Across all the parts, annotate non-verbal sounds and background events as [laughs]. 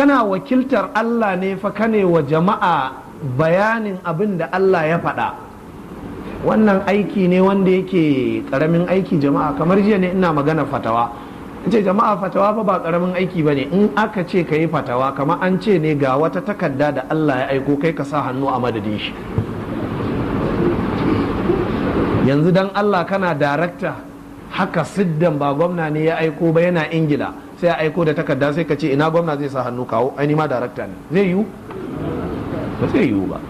kana wakiltar Allah ne fa kane wa jama'a bayanin abin da Allah ya faɗa wannan aiki ne wanda yake ƙaramin aiki jama'a kamar jiya ne ina magana fatawa ce jama'a fatawa fa ba ƙaramin aiki ba ne in aka ce ka yi fatawa kamar an ce ne ga wata takarda da Allah ya aiko kai ka sa hannu a madadin shi yanzu dan Allah kana darakta haka siddan ba gwamna ne ya aiko ba yana ingila sai a aiko da takarda sai ka ce ina gwamna zai sa hannu kawo ainihi ma darakta ne zai yiwu ba zai yiwu ba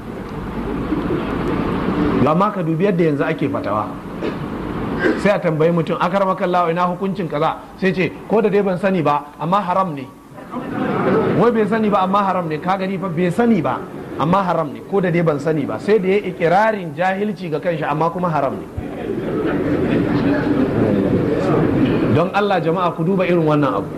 amma ka dubi yadda yanzu ake fatawa sai a tambayi mutum a karama kallawa ina hukuncin kaza sai ce ko da dai ban sani ba amma haram ne wai bai sani ba amma haram ne ka gani fa bai sani ba amma haram ne ko da dai ban sani ba sai da ya ikirarin jahilci ga kanshi amma kuma haram ne don Allah jama'a ku duba irin wannan abu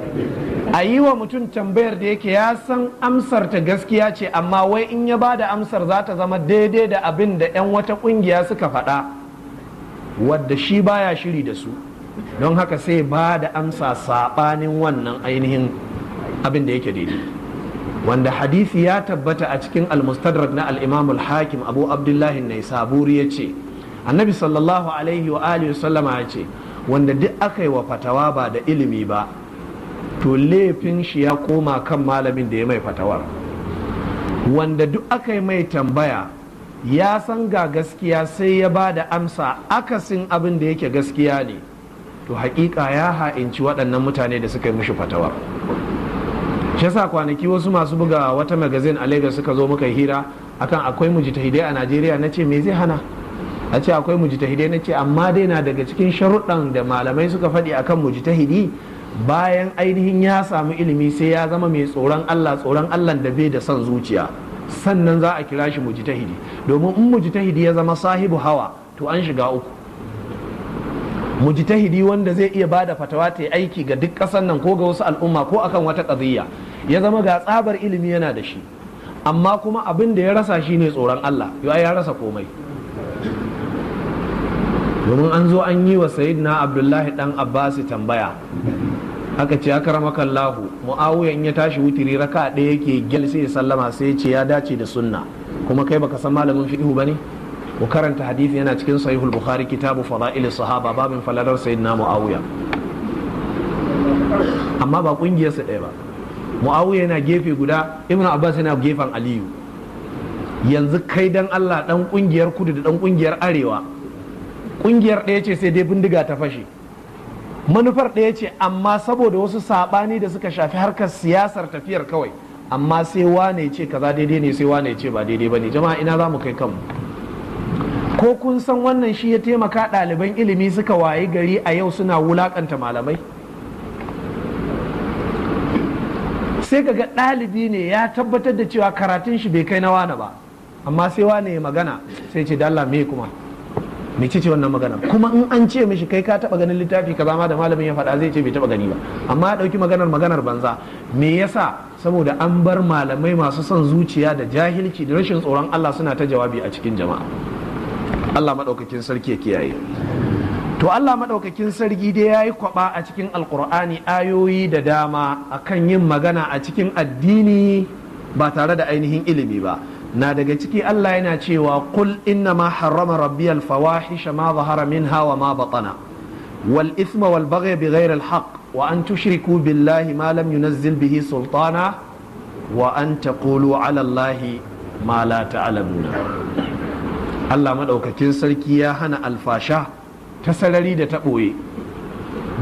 a yi wa mutum tambayar da yake ya san amsar ta gaskiya ce amma wai in ya ba da amsar za ta zama daidai da abin da 'yan wata kungiya suka faɗa wadda shi baya shiri da su don haka sai ba da amsa saɓanin wannan ainihin abin da yake daidai wanda hadisi ya tabbata a cikin almustadrak na al'imamul hakim abu abdullahi saburi ya ce annabi sallallahu alaihi wa alihi ya ce wanda duk aka yi wa fatawa ba da ilimi ba to laifin shi ya koma kan malamin da ya mai fatawar wanda duk aka yi mai tambaya ya san ga gaskiya sai ya ba da amsa akasin abin da yake gaskiya ne to hakika ya ha'inci waɗannan mutane da suka yi mushi fatawar shi yasa kwanaki wasu masu buga wata magazin a Lagos suka zo muka hira akan akwai mujitahidai a Najeriya na ce me zai hana a ce akwai mujtahidai na ce amma dai na daga cikin sharuɗan da malamai suka faɗi akan mujtahidi bayan ainihin ya samu ilimi sai ya zama mai tsoron Allah tsoron Allah da bai da son zuciya sannan za a kira shi mujtahidi domin in mujtahidi ya zama sahibu hawa to an shiga uku mujtahidi wanda zai iya bada fatawa ta aiki ga duk ƙasar nan ko ga wasu al'umma ko akan wata ƙaziyya ya zama ga tsabar ilimi yana da shi amma kuma abin da ya rasa shi ne tsoron Allah ya rasa komai domin an zo an yi wa na abdullahi dan abbasi tambaya aka ce aka ramakan lahu mu'awiyan ya tashi wutiri raka ɗaya yake gyal sai ya sallama sai ya ce ya dace da sunna kuma kai baka san malamin fiqhu bane ku karanta hadisi yana cikin sahihul bukhari kitabu fada'il sahaba babin falalar sayyidina mu'awiya amma ba kungiyarsa ɗaya ba mu'awiya yana gefe guda ibnu abbas yana gefen aliyu yanzu kai dan Allah dan kungiyar kudu da dan kungiyar arewa ƙungiyar ɗaya ce sai dai bindiga ta fashe manufar ɗaya ce amma saboda wasu saɓani da suka shafi harkar siyasar tafiyar kawai amma sai wane ce kaza daidai ne sai wane ce ba daidai ba ne jama'a ina za mu kai kanmu ko kun san wannan shi ya taimaka ɗaliban ilimi suka wayi gari a yau suna wulaƙanta malamai sai ka ga ɗalibi ne ya tabbatar da cewa karatun shi bai kai na wane ba amma sai wane magana sai ce da me kuma ce wannan magana kuma in an ce mishi kai ka taba ganin littafi ka ma da malamin ya faɗa zai ce bai taba gani ba amma ya ɗauki maganar maganar banza me yasa saboda an bar malamai masu son zuciya da jahilci da rashin tsoron Allah suna ta jawabi a cikin jama'a Allah maɗaukakin sarki ya kiyaye to Allah maɗaukakin sarki dai ya yi kwaɓa a cikin alkur'ani ayoyi da dama akan yin magana a cikin addini ba tare da ainihin ilimi ba na daga ciki Allah yana cewa kul inna ma harrama rabbiyal fawahisha ma zahara minha wa ma batana wal ithma wal baghy bighayri al haqq wa an tushriku billahi ma lam yunzil bihi sultana wa an taqulu ala allahi ma la ta'lamuna Allah madaukakin sarki ya hana alfasha ta sarari da ta boye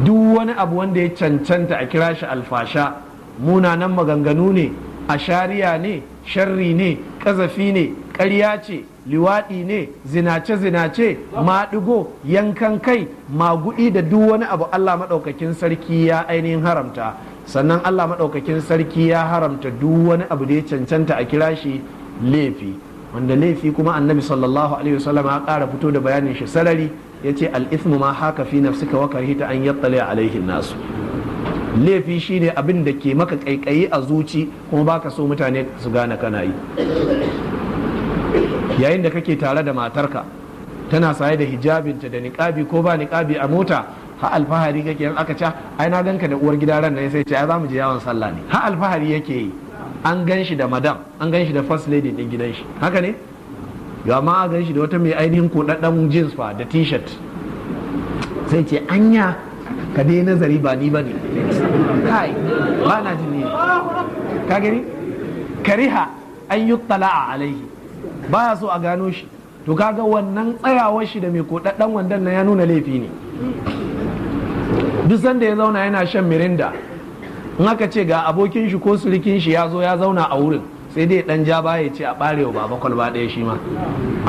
duk wani abu wanda ya cancanta a kira shi alfasha munanan maganganu ne a shari'a ne sharri ne ƙazafi ne ƙarya ce liwaɗi ne zinace-zinace maɗigo yankan kai maguɗi da duk wani abu allah maɗaukakin sarki ya ainihin haramta sannan allah maɗaukakin sarki ya haramta duk wani abu da ya cancanta a kira shi laifi wanda laifi kuma annabi sallallahu alaihi wasallam ya ƙara fito da bayanin shi sarari ya ce al'ithmu ma haka fi nafsika wa karhita an yattale alaihin nasu laifi shine abin da ke maka kaikayi a zuci kuma baka so mutane su gane kana yi yayin da kake tare da matarka tana saye da hijabinta da niƙabi ko ba niƙabi a mota ha alfahari kake yan aka ca, ai na ganka da uwar gida ran nan sai ce ai zamu je yawon sallah ne ha alfahari yake yi an gan shi da madam an gan shi da first lady din gidan shi haka ne ga ma a gan shi da wata mai ainihin kodaddan jeans fa da t-shirt sai ce anya ka dai nazari ba ni ba ne kai ba na jin ne ka gani kariha an yi tala'a alaihi ya so a gano shi to kaga wannan tsayawar shi da mai kodaddan wandan na ya nuna laifi ne duk sanda ya zauna yana shan mirinda in aka ce ga abokin shi ko surikin shi ya zo ya zauna a wurin sai dai dan ja baya ce a barewa baba kwalba ɗaya shi ma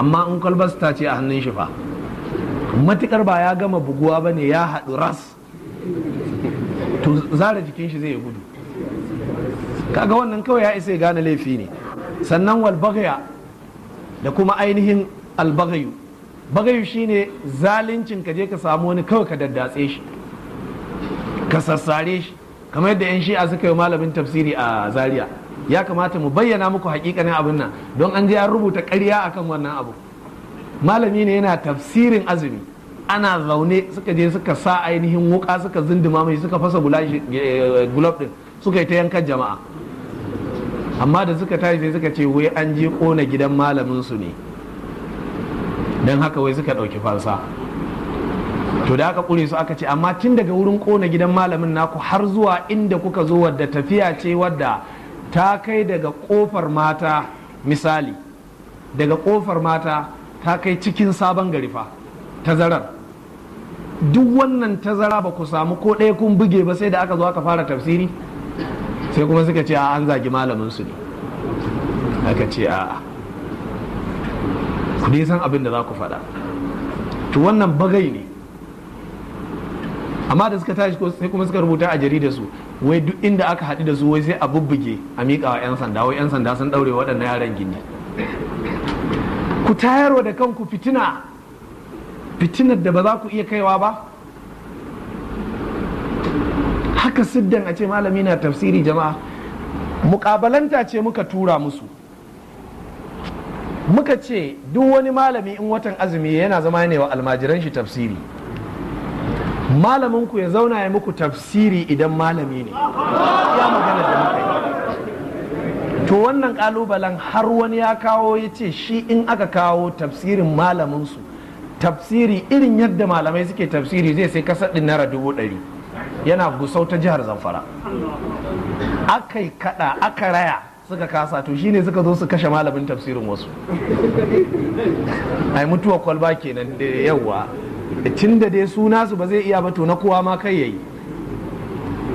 amma in kwalba ta ce a hannun shi fa matukar ba ya gama buguwa ba ne ya haɗu ras to zara jikin shi zai gudu kaga wannan kawai ya isa ya gane laifi ne sannan wal da kuma ainihin albagayu bagayu shine zalincin ka je ka samu wani kawai ka daddatse shi ka sassare shi kamar yadda 'yan shi'a suka yi malamin tafsiri a zaria ya kamata mu bayyana muku hakikanin abin nan don an je an rubuta ƙarya akan wannan abu malami ne yana tafsirin azumi ana zaune suka je suka sa ainihin wuka suka zinduma mai suka fasa gulob eh, din suka yi ta yankan jama'a amma da suka tashi sai suka ce wai an je kona gidan malamin su ne don haka wai suka ɗauki fansa to da aka ƙure su aka ce amma tun daga wurin kona gidan malamin naku har zuwa inda kuka zo wadda tafiya ce wadda ta kai daga ƙofar mata misali daga ƙofar mata ta kai cikin sabon gari fa tazarar duk wannan tazara ba ku samu ko ɗaya kun buge ba sai da aka zo aka fara tafsiri sai kuma suka ce a an zagi malamin su ne aka ce a ku dai san abin da za ku faɗa to wannan bagai ne amma da suka tashi sai kuma suka rubuta a jarida su wai duk inda aka haɗu da su wai sai a bubbuge a miƙa wa 'yan sanda wai 'yan sanda sun ɗaure waɗannan yaran gindi ku tayarwa da kanku fitina fitinar da ba za ku iya kaiwa ba haka siddan a ce malami na tafsiri jama'a mukabalanta ce muka tura musu muka ce duk wani malami in watan azumi yana zama ne wa almajiran shi tafsiri malaminku ya zauna ya muku tafsiri idan malami ne ya magana da muka to wannan kalubalen har wani ya kawo ya ce shi in aka kawo tafsirin malaminsu tafsiri irin yadda malamai suke tafsiri zai sai kasar ɗin naira dubu ɗari yana gusau ta jihar zamfara aka yi kaɗa aka raya suka kasa to shine suka zo su kashe malamin tafsirin wasu ai mutuwa kwalba kenan da yawa tun da dai suna su ba zai iya ba to na kowa ma kai yayi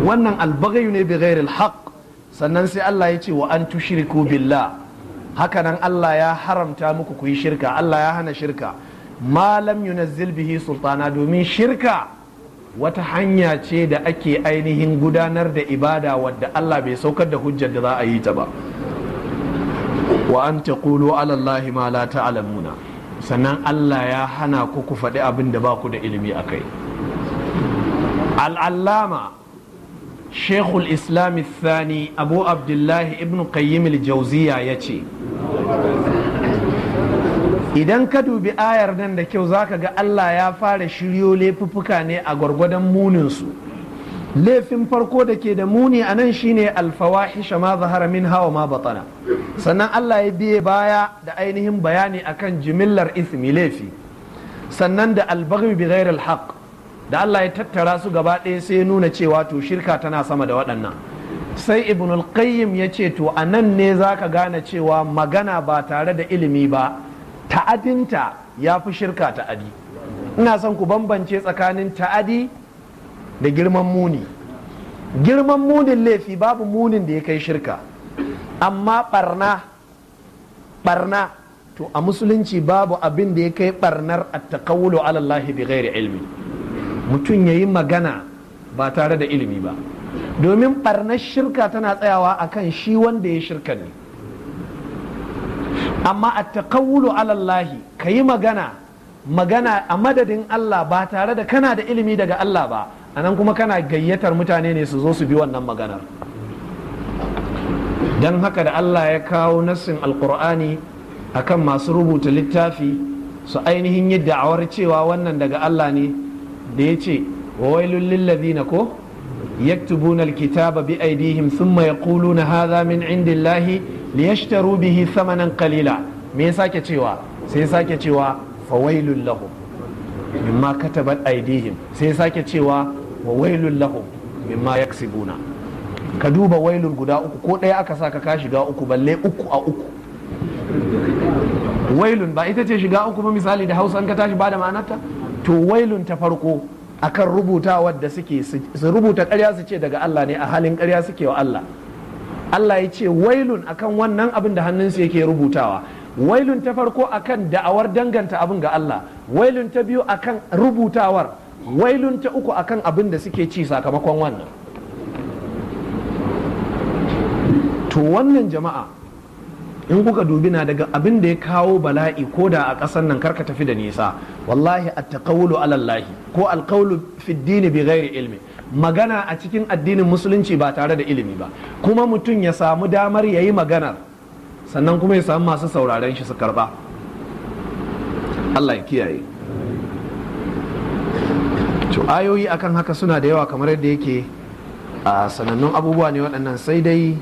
wannan albagayu ne bi ghairil haq sannan sai Allah ya ce wa an tushriku billah hakanan Allah ya haramta muku ku yi shirka Allah ya hana shirka malam yunazzil bihi sultana domin shirka wata hanya ce da ake ainihin gudanar da ibada wadda Allah bai saukar da hujjar da za a yi ta ba wa an taqulu ala Allahi ma la ta'lamuna sannan Allah ya hana ku ku faɗi abin da ba ku da ilimi akai al-allama shekul islamis Sani abu abdullahi ibn Kayyimil jauziya ya ce idan ka dubi ayar nan da kyau zaka ga Allah ya fara shiryo laifuffuka ne a gwargwadon muninsu laifin farko da ke da muni a nan shine alfawahisha ma zahara min hawa ma batana sannan Allah ya biye baya da ainihin bayani akan jimillar ismi laifi sannan da albagwi bi ghairil da Allah ya tattara su gaba ɗaya sai ya nuna cewa to shirka tana sama da waɗannan sai ibn ya ce to a nan ne za ka gane cewa magana ba tare da ilimi ba ta'adinta ya fi shirka ta'adi ina son ku bambance tsakanin ta'adi da girman muni girman munin laifi babu munin da ya kai shirka amma barna barna to a musulunci babu abin da ya kai barnar takawulo alallahi bi ghairi ilmi mutum ya yi magana ba tare da ilimi ba domin barnar shirka tana tsayawa akan shi wanda ya shirka ne amma a taƙawulu alallahi ka yi magana magana a madadin Allah ba tare da kana da ilimi daga Allah ba a nan kuma kana gayyatar mutane ne su zo su bi wannan maganar don haka da Allah ya kawo nassin alkur'ani akan masu rubuta littafi su ainihin yi da'awar cewa wannan daga Allah ne da ya ce wailul ko yaktubuna alkitaba bi aidihim thumma yaquluna hadha min indillahi liyashtaru bihi samanan qalila me ya sake cewa sai ya sake cewa fawailul lahum mimma katabat aidihim sai ya sake cewa Min wailul lahum mimma yaksibuna ka duba wailul guda uku ko ɗaya aka sa ka shiga uku balle uku a uku wailun ba ita ce shiga uku ba misali da hausa ka tashi ba da ma'anarta to wailun ta farko akan rubuta wadda suke su rubuta karya su ce daga Allah ne a halin karya suke wa Allah Allah ya ce wailun akan wannan abin da hannunsu yake rubutawa wailun ta farko akan da'awar danganta abin ga Allah wailun ta biyu akan rubutawar wailun ta uku akan abin da suke ci sakamakon wannan to wannan jama'a in kuka dubi na daga abin da ya kawo bala'i ko da a ƙasar nan karka tafi da nisa wallahi at-taqawlu ala ko al-qawlu fi ad bi ghairi ilmi magana a cikin addinin musulunci ba tare da ilimi ba kuma mutum ya samu damar ya yi magana sannan kuma ya samu masu sauraren shi su karba Allah ya kiyaye to ayoyi akan haka suna da yawa kamar yadda yake a sanannun abubuwa ne waɗannan sai dai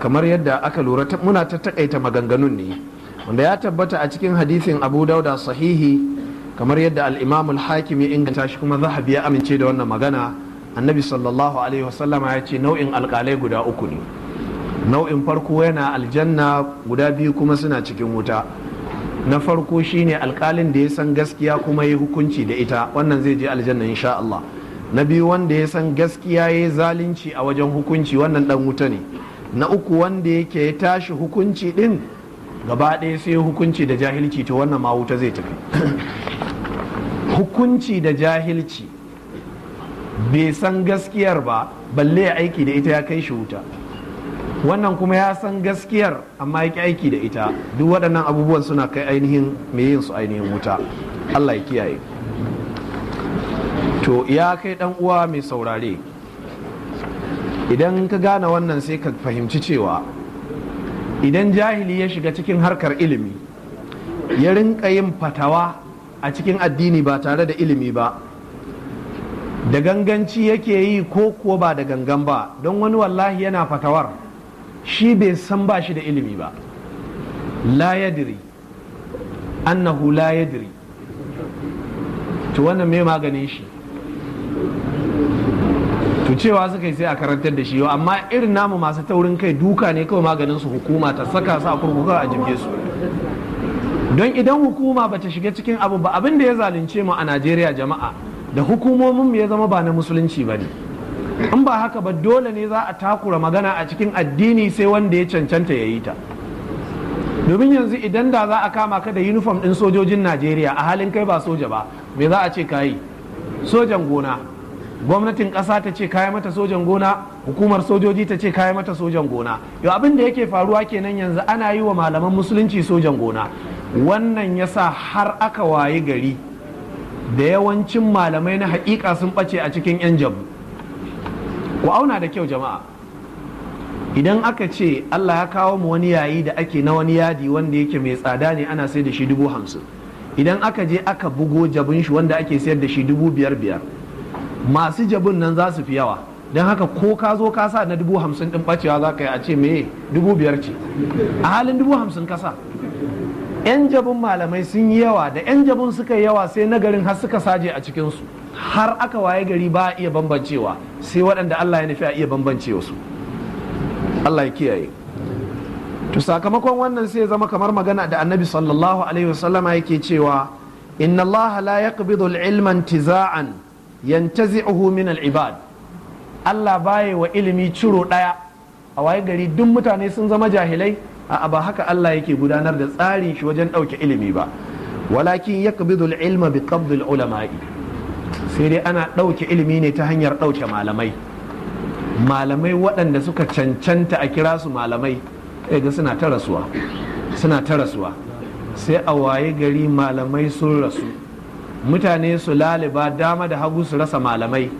kamar yadda aka lura muna ta takaita maganganun ne wanda ya tabbata a cikin hadisin abu dauda sahihi kamar yadda Al'imamul hakim ya inganta shi kuma zahabi ya amince da wannan magana annabi sallallahu alaihi wasallama ya ce nau'in alkalai guda uku ne nau'in farko yana aljanna guda biyu kuma suna cikin wuta na farko shine alkalin da ya san gaskiya kuma ya hukunci da ita wannan zai je aljanna insha Allah na biyu wanda ya san gaskiya ya yi zalunci a wajen hukunci wannan dan wuta ne na uku wanda yake ya tashi hukunci din gaba ɗaya sai hukunci da jahilci to wannan ma wuta zai tafi hukunci da jahilci bai san gaskiyar ba balle ya aiki da ita ya kai shi wuta wannan kuma ya san gaskiyar amma ya ki aiki da ita duk waɗannan abubuwan suna kai ainihin mai yin su ainihin wuta allah ya kiyaye to ya kai ɗan uwa mai saurare idan ka gane wannan sai ka fahimci cewa idan jahili ya shiga cikin harkar ilimi ya rinka yin fatawa a cikin addini ba tare da ilimi ba da ganganci yake yi ko kuwa ba da gangan ba don wani wallahi yana fatawar shi bai san ba shi da ilimi ba la yadiri annahu la yadiri to wannan mai maganin shi to cewa suka yi sai a karantar da shi yau amma irin namu masu taurin kai duka ne kawai maganin su hukuma ta saka sa a kurkuku a jibge su don idan hukuma ba ta shiga cikin abu ba abin da ya zalunce mu a najeriya jama'a da hukumomin mu ya zama ba na musulunci ba ne in ba haka ba dole ne za a takura magana a cikin addini sai wanda ya cancanta ya yi ta domin yanzu idan da za a kama ka da uniform ɗin sojojin najeriya a halin kai ba soja ba me za a ce ka sojan gona gwamnatin ƙasa ta ce kayi mata sojan gona hukumar sojoji ta ce kayi mata sojan gona yau abin da yake faruwa kenan yanzu ana yi wa malaman musulunci sojan gona wannan ya sa har aka wayi gari da yawancin malamai na haƙiƙa sun ɓace a cikin 'yan jabu ku auna da kyau jama'a idan aka ce allah ya kawo mu wani yayi da ake na wani yadi wanda yake mai tsada ne ana sai da shi dubu hamsin idan aka je aka bugo jabin shi wanda ake sayar da shi dubu biyar biyar masu jabin nan za su fi yawa don haka ko ka zo ka sa na dubu hamsin din bacewa za ka yi a ce me dubu biyar ce a halin dubu hamsin ka yan jabin malamai sun yi yawa da yan jabin suka yi yawa sai nagarin har suka saje a cikinsu har aka waye gari ba a iya bambancewa sai waɗanda Allah ya nufi a iya bambancewa su Allah ya kiyaye to sakamakon wannan sai ya zama kamar magana da annabi sallallahu alaihi wasallama yake cewa inna Allah la yaqbidu al-ilma intiza'an yantazi'uhu min al-ibad Allah baya wa ilimi ciro daya a waye gari duk mutane sun zama jahilai a ba haka Allah yake gudanar da tsarin shi wajen ɗauke ilimi ba walakin yaqbidul ilma bi qabdil ulama'i sai dai ana ɗauke ilimi ne ta hanyar ɗauke malamai malamai waɗanda suka cancanta a kira su malamai ga suna ta rasuwa suna ta sai a waye gari malamai sun rasu mutane su laliba dama da hagu su rasa malamai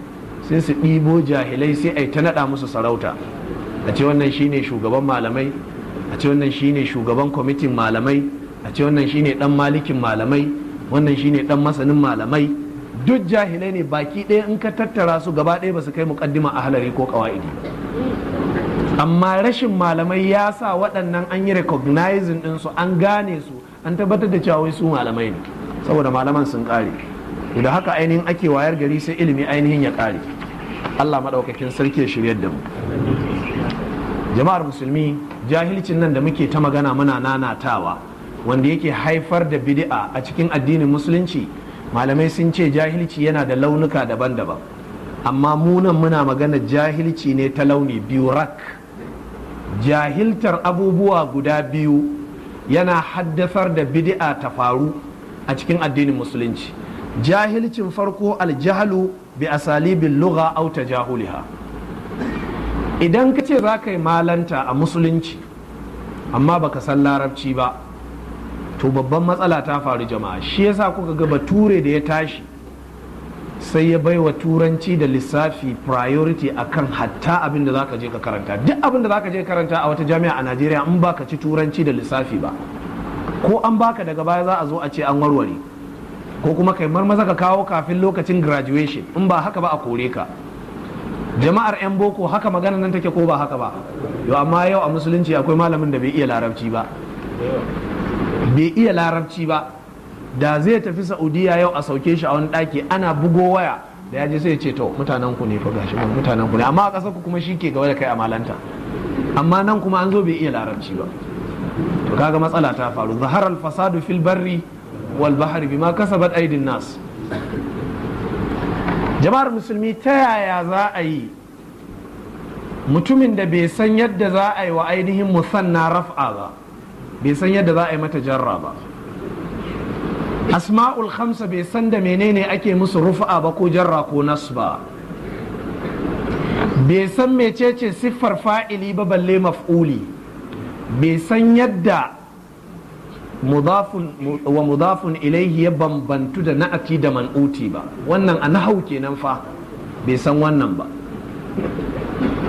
sai su ɗibo jahilai sai a ta naɗa musu sarauta a ce wannan shine shugaban malamai a ce wannan shine shugaban kwamitin malamai a ce wannan shine dan malikin malamai wannan shine dan masanin malamai duk jahilai ne baki ɗaya in ka tattara su gaba ɗaya ba su kai mukaddima a halari ko kawa'idi amma rashin malamai ya sa waɗannan an yi recognizing ɗinsu an gane su an tabbatar da cewa su malamai ne saboda malaman sun ƙare da haka ainihin ake wayar gari sai ilimi ainihin ya ƙare allah maɗaukakin sarki ya shiryar da mu jama'ar musulmi jahilcin nan da muke ta magana muna nanatawa wanda yake haifar da bidi'a a cikin addinin musulunci malamai sun ce jahilci yana da launuka daban-daban amma munan muna magana jahilci ne ta launi biyu rak jahiltar abubuwa guda biyu yana haddasar da bid'a ta faru a cikin addinin musulunci jahilcin farko aljahalu bi asalibin lugha au tajahuliha idan ka ce za ka yi malanta a musulunci amma baka san larabci ba to babban matsala ta faru jama'a shi yasa kuka ga bature da ya tashi sai ya baiwa turanci da lissafi priority akan hatta abin da zaka je ka karanta duk abin da zaka je karanta a wata jami'a a Najeriya in baka ci turanci da lissafi ba ko an baka daga baya za a zo a ce an warware ko kuma kai marmaza ka kawo kafin lokacin graduation in ba haka ba a kore ka jama'ar 'yan boko haka magana nan take ko ba haka ba yau amma yau a musulunci akwai malamin da bai iya larabci ba bai iya larabci ba da zai tafi saudiya yau a sauke shi a wani daki ana bugo waya da ya je sai ce to mutanen ku ne fa gashi ba mutanen ku ne amma a ƙasar ku kuma shi ke gaba da kai a malanta amma nan kuma an zo bai iya larabci ba to kaga matsala ta faru zahar al fasadu fil barri wal bahri bima kasabat aidin nas jama'ar musulmi ta yaya za a yi mutumin da bai san yadda za a yi wa ainihin musanna raf'a ba bai san yadda za a yi mata jarra ba asma'ul khamsa bai san da menene ake musu rufa ba ko jarra ko nas ba bai san mecece siffar fa'ili ba balle maf'uli bai san yadda wa mudafun ilaihi ya bambantu da na'ati da man'uti ba wannan a nahau kenan fa bai san wannan ba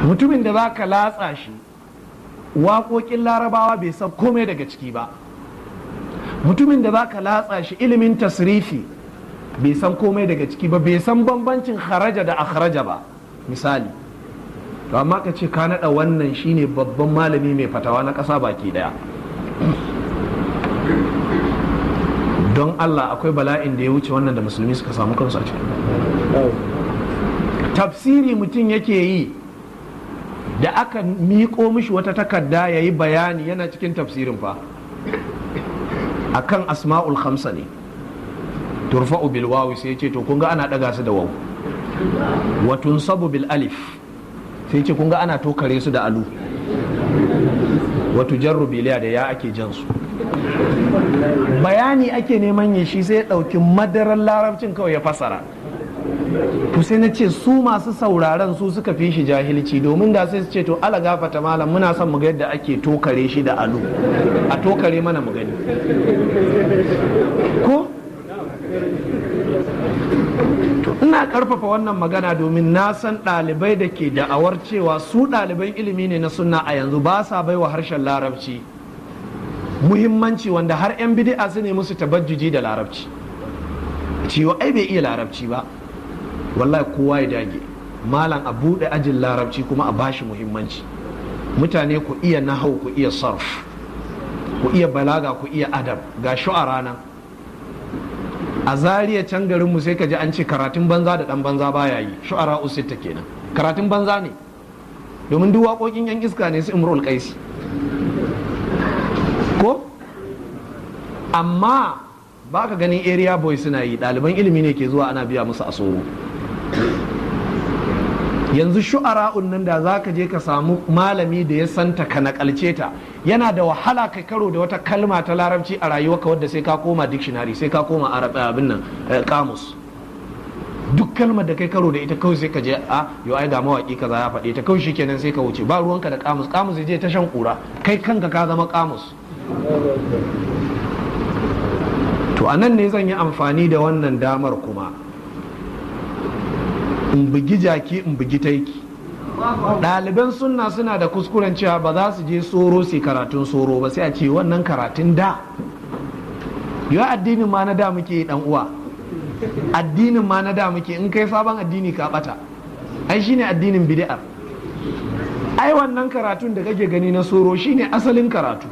mutumin da za ka latsa shi waƙoƙin larabawa bai san komai daga ciki ba mutumin da za ka latsa shi ilimin tasrifi bai san komai daga ciki ba bai san bambancin haraja da akharaja ba misali to amma ka ce ka naɗa wannan shine babban malami mai fatawa na ƙasa baki ɗaya don Allah akwai bala'in da ya wuce wannan da musulmi suka samu kansu a ciki tafsiri mutum yake yi da aka miƙo mishi wata takarda ya yi bayani yana cikin tafsirin fa A kan asma'ul khamsa ne turfa'u bil sai ce to kun ana ɗaga su da wawu watun sabu bil alif sai ce kun ana tokare su da alu wa tujarru biliya da ya ake jan su bayani ake neman ya shi sai ya ɗauki madarar larabcin kawai ya fasara sai na ce su masu sauraron su suka fi shi jahilci domin da sai su ce to ala gafata malam muna son mu yadda ake tokare shi da alu a tokare mana mu gani ko ina karfafa wannan magana domin na san ɗalibai da ke da'awar cewa su ɗaliban ilimi ne na sunna a yanzu ba sa baiwa harshen larabci muhimmanci wanda har 'yan bidi'a su ne musu tabajjuji da larabci ciwo ai bai iya larabci ba wallahi kowa ya dage malam a buɗe ajin larabci kuma a bashi muhimmanci mutane ku iya nahau ku iya sarf ku iya balaga ku iya adab ga shu'ara nan a zariya can garin mu sai ka ji an ce karatun banza da dan banza baya yi shu'ara usita kenan karatun banza ne domin duk waƙoƙin yan iska ne su imrul qaisi ko amma ba ka ganin area boy suna yi ɗaliban ilimi ne ke zuwa ana biya musu a tsoro yanzu shu'ara'un nan da za ka je ka samu malami da ya santa ka nakalce ta yana da wahala ka karo da wata kalma ta larabci a rayuwarka wadda sai ka koma dictionary sai ka koma eh, abin nan eh, kamus duk kalmar da kai karo da ita kawai sai ka je a ah, yo ai ga mawaki kaza ya faɗe ta kawai shikenan sai ka wuce ba ruwanka da kamus kamus je ta shan kura kai kanka ka zama kamus to anan ne zan yi amfani da wannan damar kuma in bugi jaki in bugi taiki ɗaliban suna, suna da kuskuren cewa ba za su je tsoro su karatun tsoro ba sai a ce wannan karatun da yawa addinin ma na da muke dan uwa addinin ma na da muke in kai sabon addini ka bata ai shine addinin bid'ar ai wannan karatun da kake gani na tsoro shine asalin karatu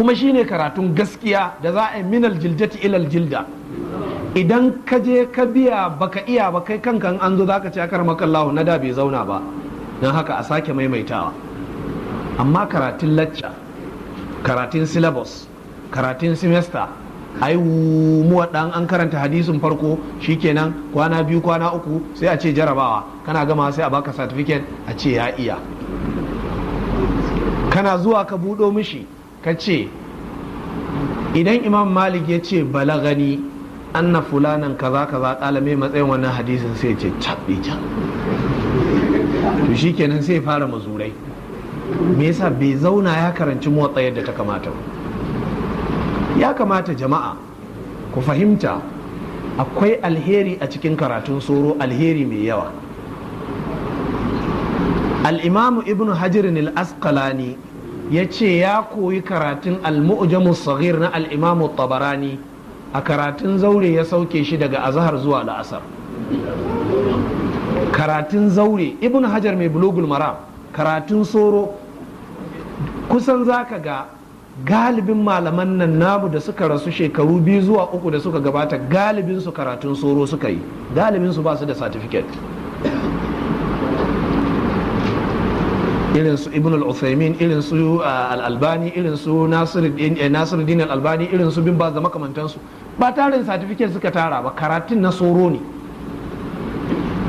kuma shi ne karatun gaskiya da za a yi minal jiljati ilal jilda idan ka je ka biya baka iya ba kai kanka an zo zaka ce karama kallahu na da bai zauna ba don haka a sake maimaitawa amma karatun lacca karatun syllabus karatun semester ai mu dan an karanta hadisin farko shi shikenan kwana biyu kwana uku sai a ce jarabawa kana gama sai a baka certificate a ce ya iya kana zuwa ka buɗo mishi ka ce idan imam malik ya ce balagani anna fulanan kaza kaza kala mai matsayin wannan hadisin sai ce cabbi can to shikenan sai fara mazurai me yasa bai zauna ya karanci motsa yadda ta kamata ya kamata jama'a ku fahimta akwai alheri a cikin karatun soro alheri mai yawa al'imamu ibn hajirin al-asqalani ya ce ya koyi karatun al-mu'jamu saghir na al-imamu tabarani a karatun zaure ya sauke shi daga azahar zuwa la'asar karatun zaure ibn hajar mai bulogul maram karatun soro kusan zaka ga galibin malaman nan namu da suka rasu shekaru biyu zuwa uku da suka gabata galibin karatun soro suka yi galibinsu su ba su da satifiket irin su ibn al-uthaymin irin su al-albani irin su eh, nasiruddin al-albani irin su bin baz da makamantansu ba tarin certificate suka tara ba karatun na soro ne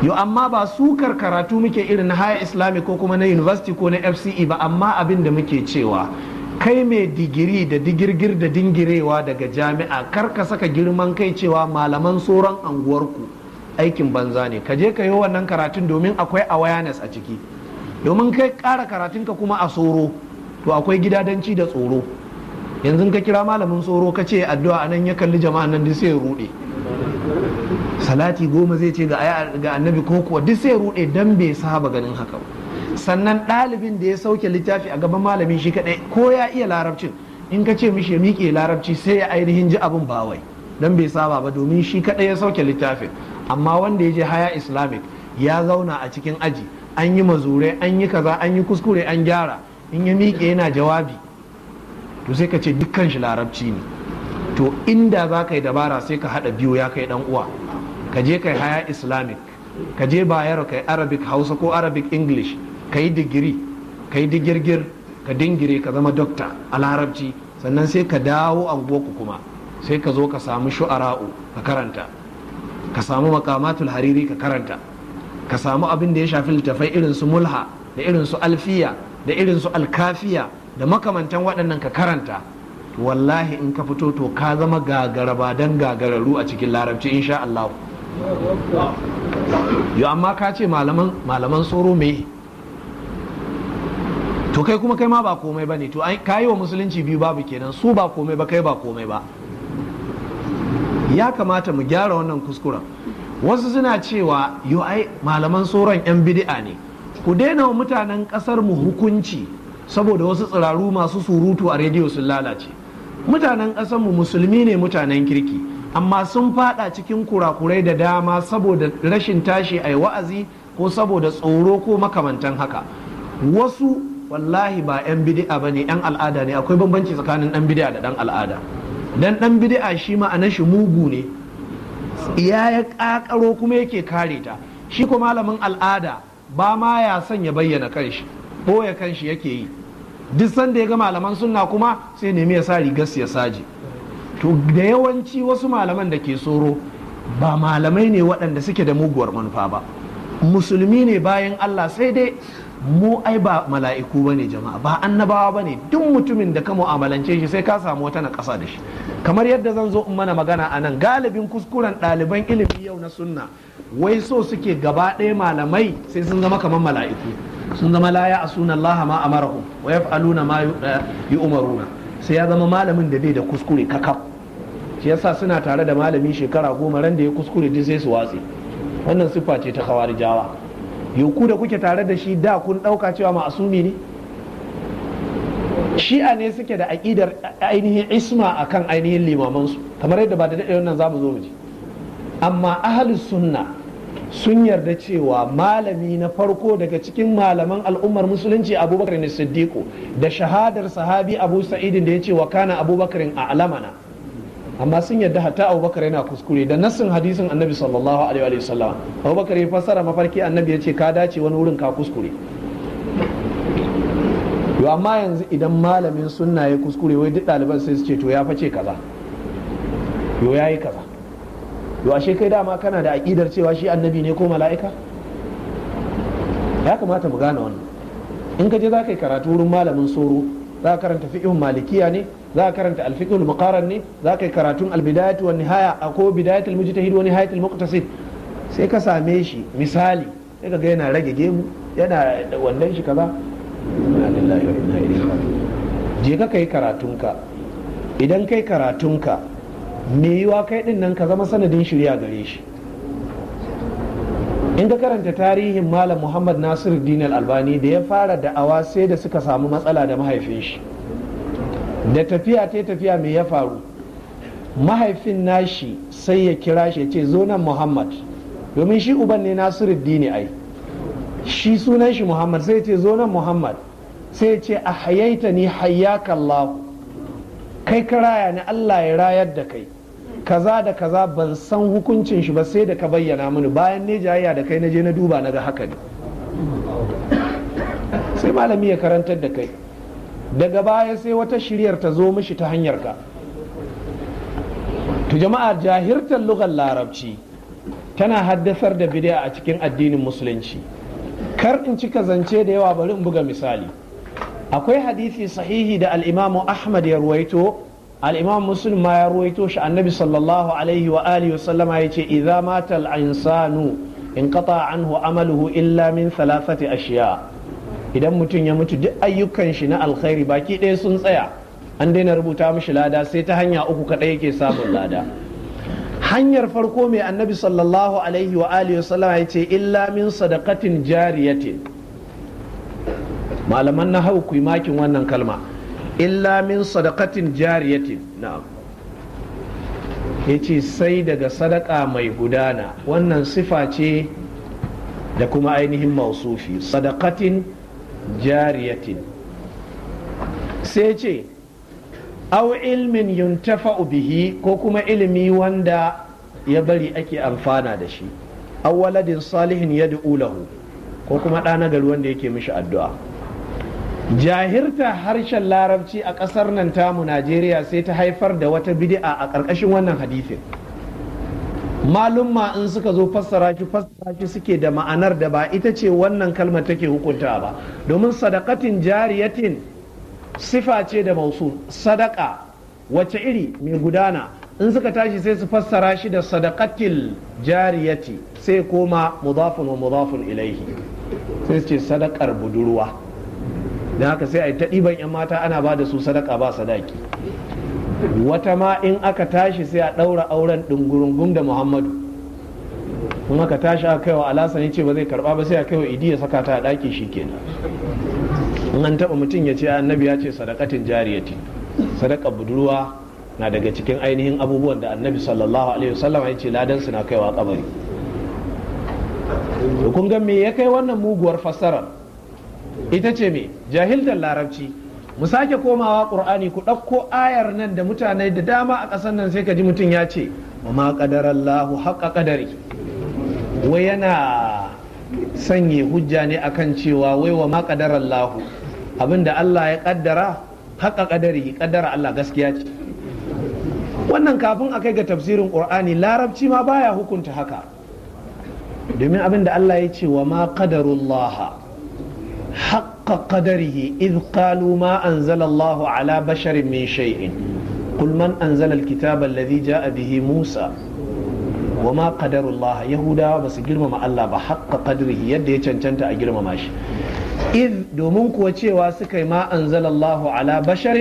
yo amma ba sukar karatu muke irin na haya islamic ko kuma na university ko na fce ba amma abin da muke cewa kai mai digiri da digirgir da dingirewa daga jami'a kar ka saka girman kai cewa malaman soron anguwarku aikin banza ne ka je ka yi wannan karatun domin akwai awareness a ciki domin kai ƙara ka kuma a tsoro to akwai gidadanci da tsoro yanzu ka kira malamin tsoro ka ce addu'a a nan ya kalli jama'a nan duk sai ya rude salati goma zai ce ga annabi ko kuwa duk sai ya rude dan bai saba ganin haka ba sannan ɗalibin da ya sauke littafi a gaban malamin shi kaɗai ko ya iya larabcin in ka ce mishi ya miƙe larabci sai ya ainihin ji abin ba wai don bai saba ba domin shi kaɗai ya sauke littafin amma wanda ya je haya islamic ya zauna a cikin aji an yi mazurai an yi kaza an yi kuskure an gyara in ya miƙe yana jawabi to sai ka ce dukkan shi larabci ne to inda za ka yi dabara sai ka haɗa biyu ya kai ɗan uwa ka je kai haya islamic ka je ka kai arabic hausa ko arabic english ka yi digiri ka yi digirgir ka dingire ka zama dokta a larabci sannan sai ka dawo anguwarku kuma sai ka zo ka samu shu'ara'u ka karanta ka samu makamatul hariri ka karanta ka samu abin da ya shafi littafai irin su mulha da irin su alfiya da irin su alkafiya da makamantan waɗannan ka karanta wallahi in ka fito to ka zama gagaraba don gagararru a cikin larabci insha Allah yo amma ka ce malaman tsoro me to kai kuma kai ma ba komai ba ne to ka yi wa musulunci biyu babu kenan su ba komai ba kai ba komai ba ya kamata mu gyara wannan kuskuren wasu suna cewa yo ai malaman tsoron 'yan bidi'a ne ku daina wa mutanen kasar mu hukunci saboda wasu tsiraru masu surutu a rediyo sun lalace mutanen kasar mu musulmi ne mutanen kirki amma sun fada cikin kurakurai da dama saboda rashin tashi a wa'azi ko saboda tsoro ko makamantan haka wasu wallahi ba 'yan bidi'a ba ne 'yan al'ada ne akwai bambanci tsakanin dan bidi'a da dan al'ada dan dan bidi'a shi ma'anar shi mugu ne iya ya ƙaƙaro kuma yake kare ta shi ko malamin al'ada ba ma ya son ya bayyana kanshi kan kanshi yake yi duk sanda ya ga malaman sunna kuma sai nemi ya sa rigas ya saji to da yawanci wasu malaman da ke tsoro ba malamai ne waɗanda suke da muguwar manufa ba musulmi ne bayan allah sai dai mu ai ba mala'iku ba ne jama'a ba annabawa ba ne duk mutumin da ka mu'amalance shi sai ka samu wata na ƙasa da shi kamar yadda zan zo in mana magana a nan galibin kuskuren ɗaliban ilimi yau na sunna wai so suke gaba ɗaya malamai sai sun zama kamar mala'iku sun zama laya a sunan lahama ma amarahu wa aluna ma eh, umaruna sai ya zama malamin da bai da kuskure kakaf shi yasa suna tare da malami shekara goma ran da ya kuskure duk sai su watse wannan siffa ce ta kawarijawa ku da kuke tare da shi da kun ɗauka cewa ma'asumi ne shi'a ne suke da aƙidar ainihin isma a kan ainihin limamansu kamar yadda ba da daɗe wannan za mu zo mu ji amma ahalus sunna sun yarda cewa malami na farko daga cikin malaman al'ummar musulunci abubakar ne da shahadar sahabi abu sa'idin da ya ce wa kana abubakarin a alamana amma sun yadda hatta abubakar yana kuskure da nassin hadisin annabi sallallahu alaihi wa sallam abubakar ya fassara mafarki annabi ya ce ka dace wani wurin ka kuskure to amma yanzu idan malamin sunna ya kuskure wai duk ɗaliban sai su ce to ya face kaza yo yayi kaza yo ashe kai dama kana da aƙidar cewa shi annabi ne ko mala'ika ya kamata mu gane wannan in ka je za ka yi karatu wurin malamin soro za ka karanta fi'in malikiya ne za ka karanta alfiqhul muqaran ne za ka yi karatun albidayat wa nihaya ko bidayatul mujtahid wa nihayatul muqtasid sai ka same shi misali sai ka ga yana rage gemu yana wannan shi kaza je ka kai karatunka idan kai karatunka me yiwa kai din nan ka zama sanadin shirya gare shi in ka karanta tarihin malam muhammad nasiru dinar albani da ya fara da'awa sai da suka samu matsala da mahaifin shi da tafiya ta tafiya mai ya faru mahaifin nashi sai ya kira shi ce zo nan muhammad domin shi uban ne Nasiru dini ai shi sunan shi muhammad sai ce zo nan muhammad sai ce a hayaita ni allah kai ka raya ni allah ya rayar da kai kaza da kaza ban san hukuncin shi ba sai da ka bayyana mini bayan ne jayayya da kai na je na duba na ga haka ne sai malami ya karantar da kai daga baya sai wata shiryar ta zo mishi ta hanyar ka to jama'a jahirtar lugar larabci tana haddasar da bidiya a cikin addinin musulunci kar in ci zance da yawa bari in buga misali akwai hadisi sahihi da al'imamu ahmad ya ruwaito al'imamu muslim ma ya ruwaito shi annabi sallallahu alaihi wa alihi wasallama ya ce idza mata al'insanu in qata anhu amaluhu illa min thalathati ashiya idan mutum ya mutu duk ayyukan shi na alkhairi baki ɗaya sun tsaya an daina rubuta mishi lada sai ta hanya uku kaɗai yake samun lada hanyar farko mai annabi sallallahu alaihi wa alihi sallam ya ce illa min sadaqatin jariyatin malaman na hau ku makin wannan kalma illa min sadaqatin jariyatin na'am ya ce sai daga sadaka mai gudana wannan sifa ce da kuma ainihin mausufi sadaqatin jariyatin sai ce au ilmin yuntafa'u bihi ko kuma ilimi wanda ya bari ake amfana da shi au waladin salihin ya lahu ko kuma ɗa nagari wanda yake mishi addu'a jahirta harshen larabci a ƙasar nan tamu najeriya sai ta haifar da wata bidi'a a ƙarƙashin wannan hadithin malumma in suka zo fassara shi fassara shi suke da ma'anar da ba ita ce wannan kalmar take hukunta ba domin sadakatin jariyatin sifa ce da mausul sadaka wace iri mai gudana in suka tashi sai su fassara shi da sadakatil jariyati sai koma mudafun wa mudafun ilaihi sai su ce sadakar budurwa da haka sai a yi ta ɗiban 'yan mata ana ba da su sadaka ba sadaki wata ma in aka tashi sai a ɗaura auren ɗungurungun da muhammadu in aka tashi aka kaiwa alasani ce ba zai karba ba sai a kaiwa idi ya saka ta a ɗaki shi kenan in an taɓa mutum ya ce annabi ya ce sadakatin jariyati sadaka budurwa na daga cikin ainihin abubuwan da annabi sallallahu alaihi wasallam ya ce ladan su na kaiwa kabari kun ga me ya kai wannan muguwar fassara? ita ce me jahiltar larabci mu sake komawa qur'ani ku ɗauko ayar nan da mutane da dama a ƙasar nan sai ka ji mutum ya ce ma qadarallahu haqqa qadari wai yana sanye hujja ne akan cewa wai wa ma qadarallahu abinda Allah ya kaddara haqqa qadari kaddara Allah gaskiya ce wannan kafin a kai ga tafsirin qur'ani larabci ma baya hukunta haka domin abinda Allah ya ce wa ma qadarullah haqqa حق قدره إذ قالوا ما أنزل الله على بشر من شيء قل من أنزل الكتاب الذي جاء به موسى وما قدر الله يهودا بس جرم مع الله بحق قدره يد يتنتنت أجرم ماشي إذ دومنك وتشي ما أنزل الله على بشر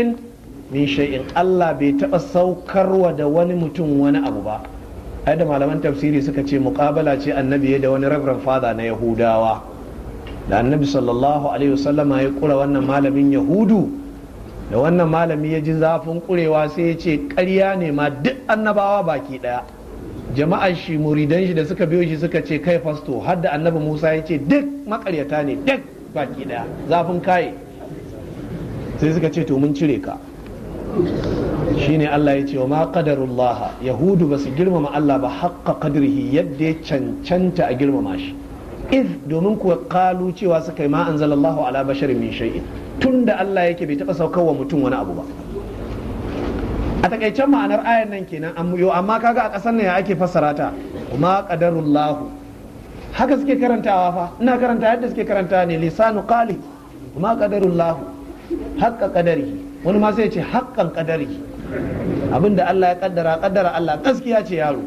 min shay'in Allah bai taɓa saukarwa da wani mutum wani abu ba ai da malaman tafsiri suka ce muƙabala ce annabi da wani rabran fada na yahudawa da annabi sallallahu alaihi wasallama ya kura wannan malamin yahudu da wannan malami ya ji zafin kurewa sai ya ce karya ne ma duk annabawa baki ɗaya jama'ar shi muridan shi da suka biyo shi suka ce kai fasto har da annabi musa ya ce duk makaryata ne duk baki ɗaya zafin kaye sai suka ce to mun cire ka shine Allah ya ce wa ma qadarullah yahudu ba su girmama Allah ba haqqa qadrihi yadda ya cancanta a girmama shi If domin kuwa kalu cewa suka yi ma anzalallahu ala basharin min tun tunda Allah yake bai taba saukar wa mutum wani abu ba a takaicen ma'anar ayan nan kenan yo amma kaga a ƙasar nan ya ake fassara ta ma lahu. haka suke wa fa ina karanta yadda suke karanta ne lisanu qali ma qadarullahu haqqa qadari wani ma sai ya ce haqqan qadari abinda Allah ya kaddara kaddara Allah gaskiya ce yaro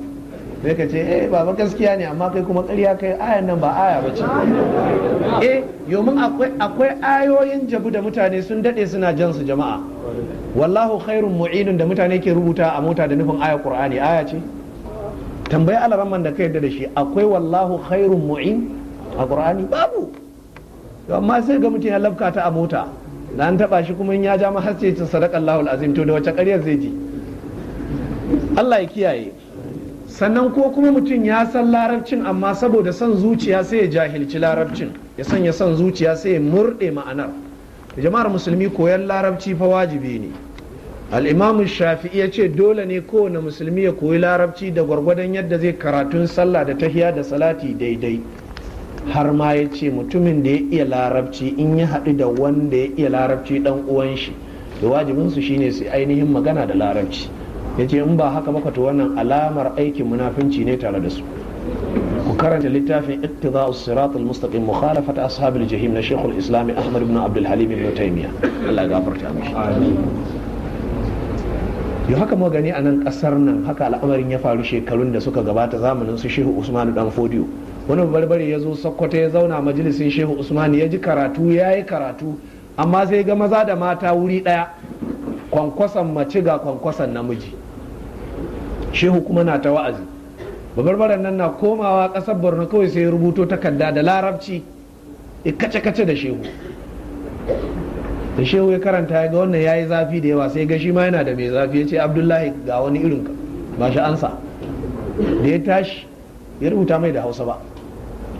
sai ka ce eh baba gaskiya ne amma kai kuma karya kai ayan nan ba aya ba ce eh yomin akwai ayoyin jabu da mutane sun dade suna jan su jama'a wallahu khairun mu'inun da mutane ke rubuta a mota da nufin aya qur'ani aya ce tambayi alaramman da ka yadda da shi akwai wallahu khairun mu'in a qur'ani babu amma sai ga mutum ya lafka ta a mota da an taba shi kuma in ya ja ma har sai sadaqallahu alazim to da wace ƙaryar zai ji Allah ya kiyaye sannan ko kuma mutum ya san larabcin amma saboda son zuciya sai ya jahilci larabcin ya sanya son zuciya sai ya murɗe ma'anar jama'ar musulmi koyan larabci fa wajibi ne al'imamu shafi'i ya ce dole ne kowane musulmi ya koyi larabci da gwargwadon yadda zai karatun sallah da tahiya da salati daidai har ma ya ce mutumin da ya iya larabci in ya haɗu da wanda ya iya larabci ɗan uwan shi da wajibinsu shine su ainihin magana da larabci ya ce in ba haka ba to wannan alamar aikin munafinci ne tare da su ku karanta littafin iqtida as-sirat al-mustaqim mukhalafat ashab jihim na shekul islami Ahmadu Ahmad ibn Abdul Halim ibn Taymiyyah Allah gafarta mishi yau haka mu gani a nan kasar nan haka al'amarin ya faru shekarun da suka gabata zamanin su Shehu Usman dan Fodiyo wani barbare ya zo Sokoto ya zauna majalisin Shehu Usman ya ji karatu ya yi karatu amma sai ga maza da mata wuri ɗaya. kwankwason mace ga kwankwason namiji shehu kuma na ta wa'azi babarbaran nan na komawa ƙasar borno kawai sai rubuto takarda da larabci kace-kace da shehu da shehu ya karanta ya ga wannan ya yi zafi da yawa sai ga shi ma yana da mai zafi ya ce abdullahi ga wani irin ka ba shi ansa da ya tashi ya rubuta mai da hausa ba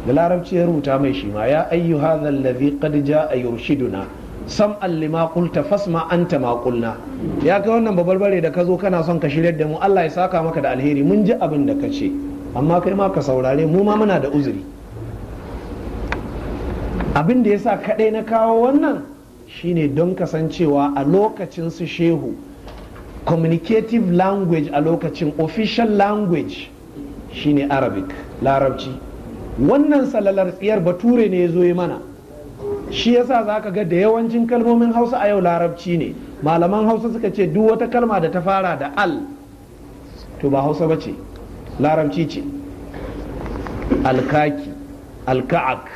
da larabci ya rubuta mai shi ma ya ayyu hadha alladhi qad jaa yurshiduna sam allima qulta fasma anta ma qulna ya kai wannan babarbare da ka zo kana son ka shiryar da mu Allah ya saka maka da alheri mun ji abin da ka ce amma kai ma ka saurare mu ma muna da uzuri abin da yasa kadai na kawo wannan shine don kasancewa a lokacin su shehu communicative language a lokacin official language shine arabic larabci wannan salalar tsiyar bature ne ya zo yi mana shi yasa za ka ga da yawancin kalmomin hausa a yau larabci ne malaman hausa suka ce duk wata kalma da ta fara da al to ba hausa ba ce larabci ce alkaki alka'ak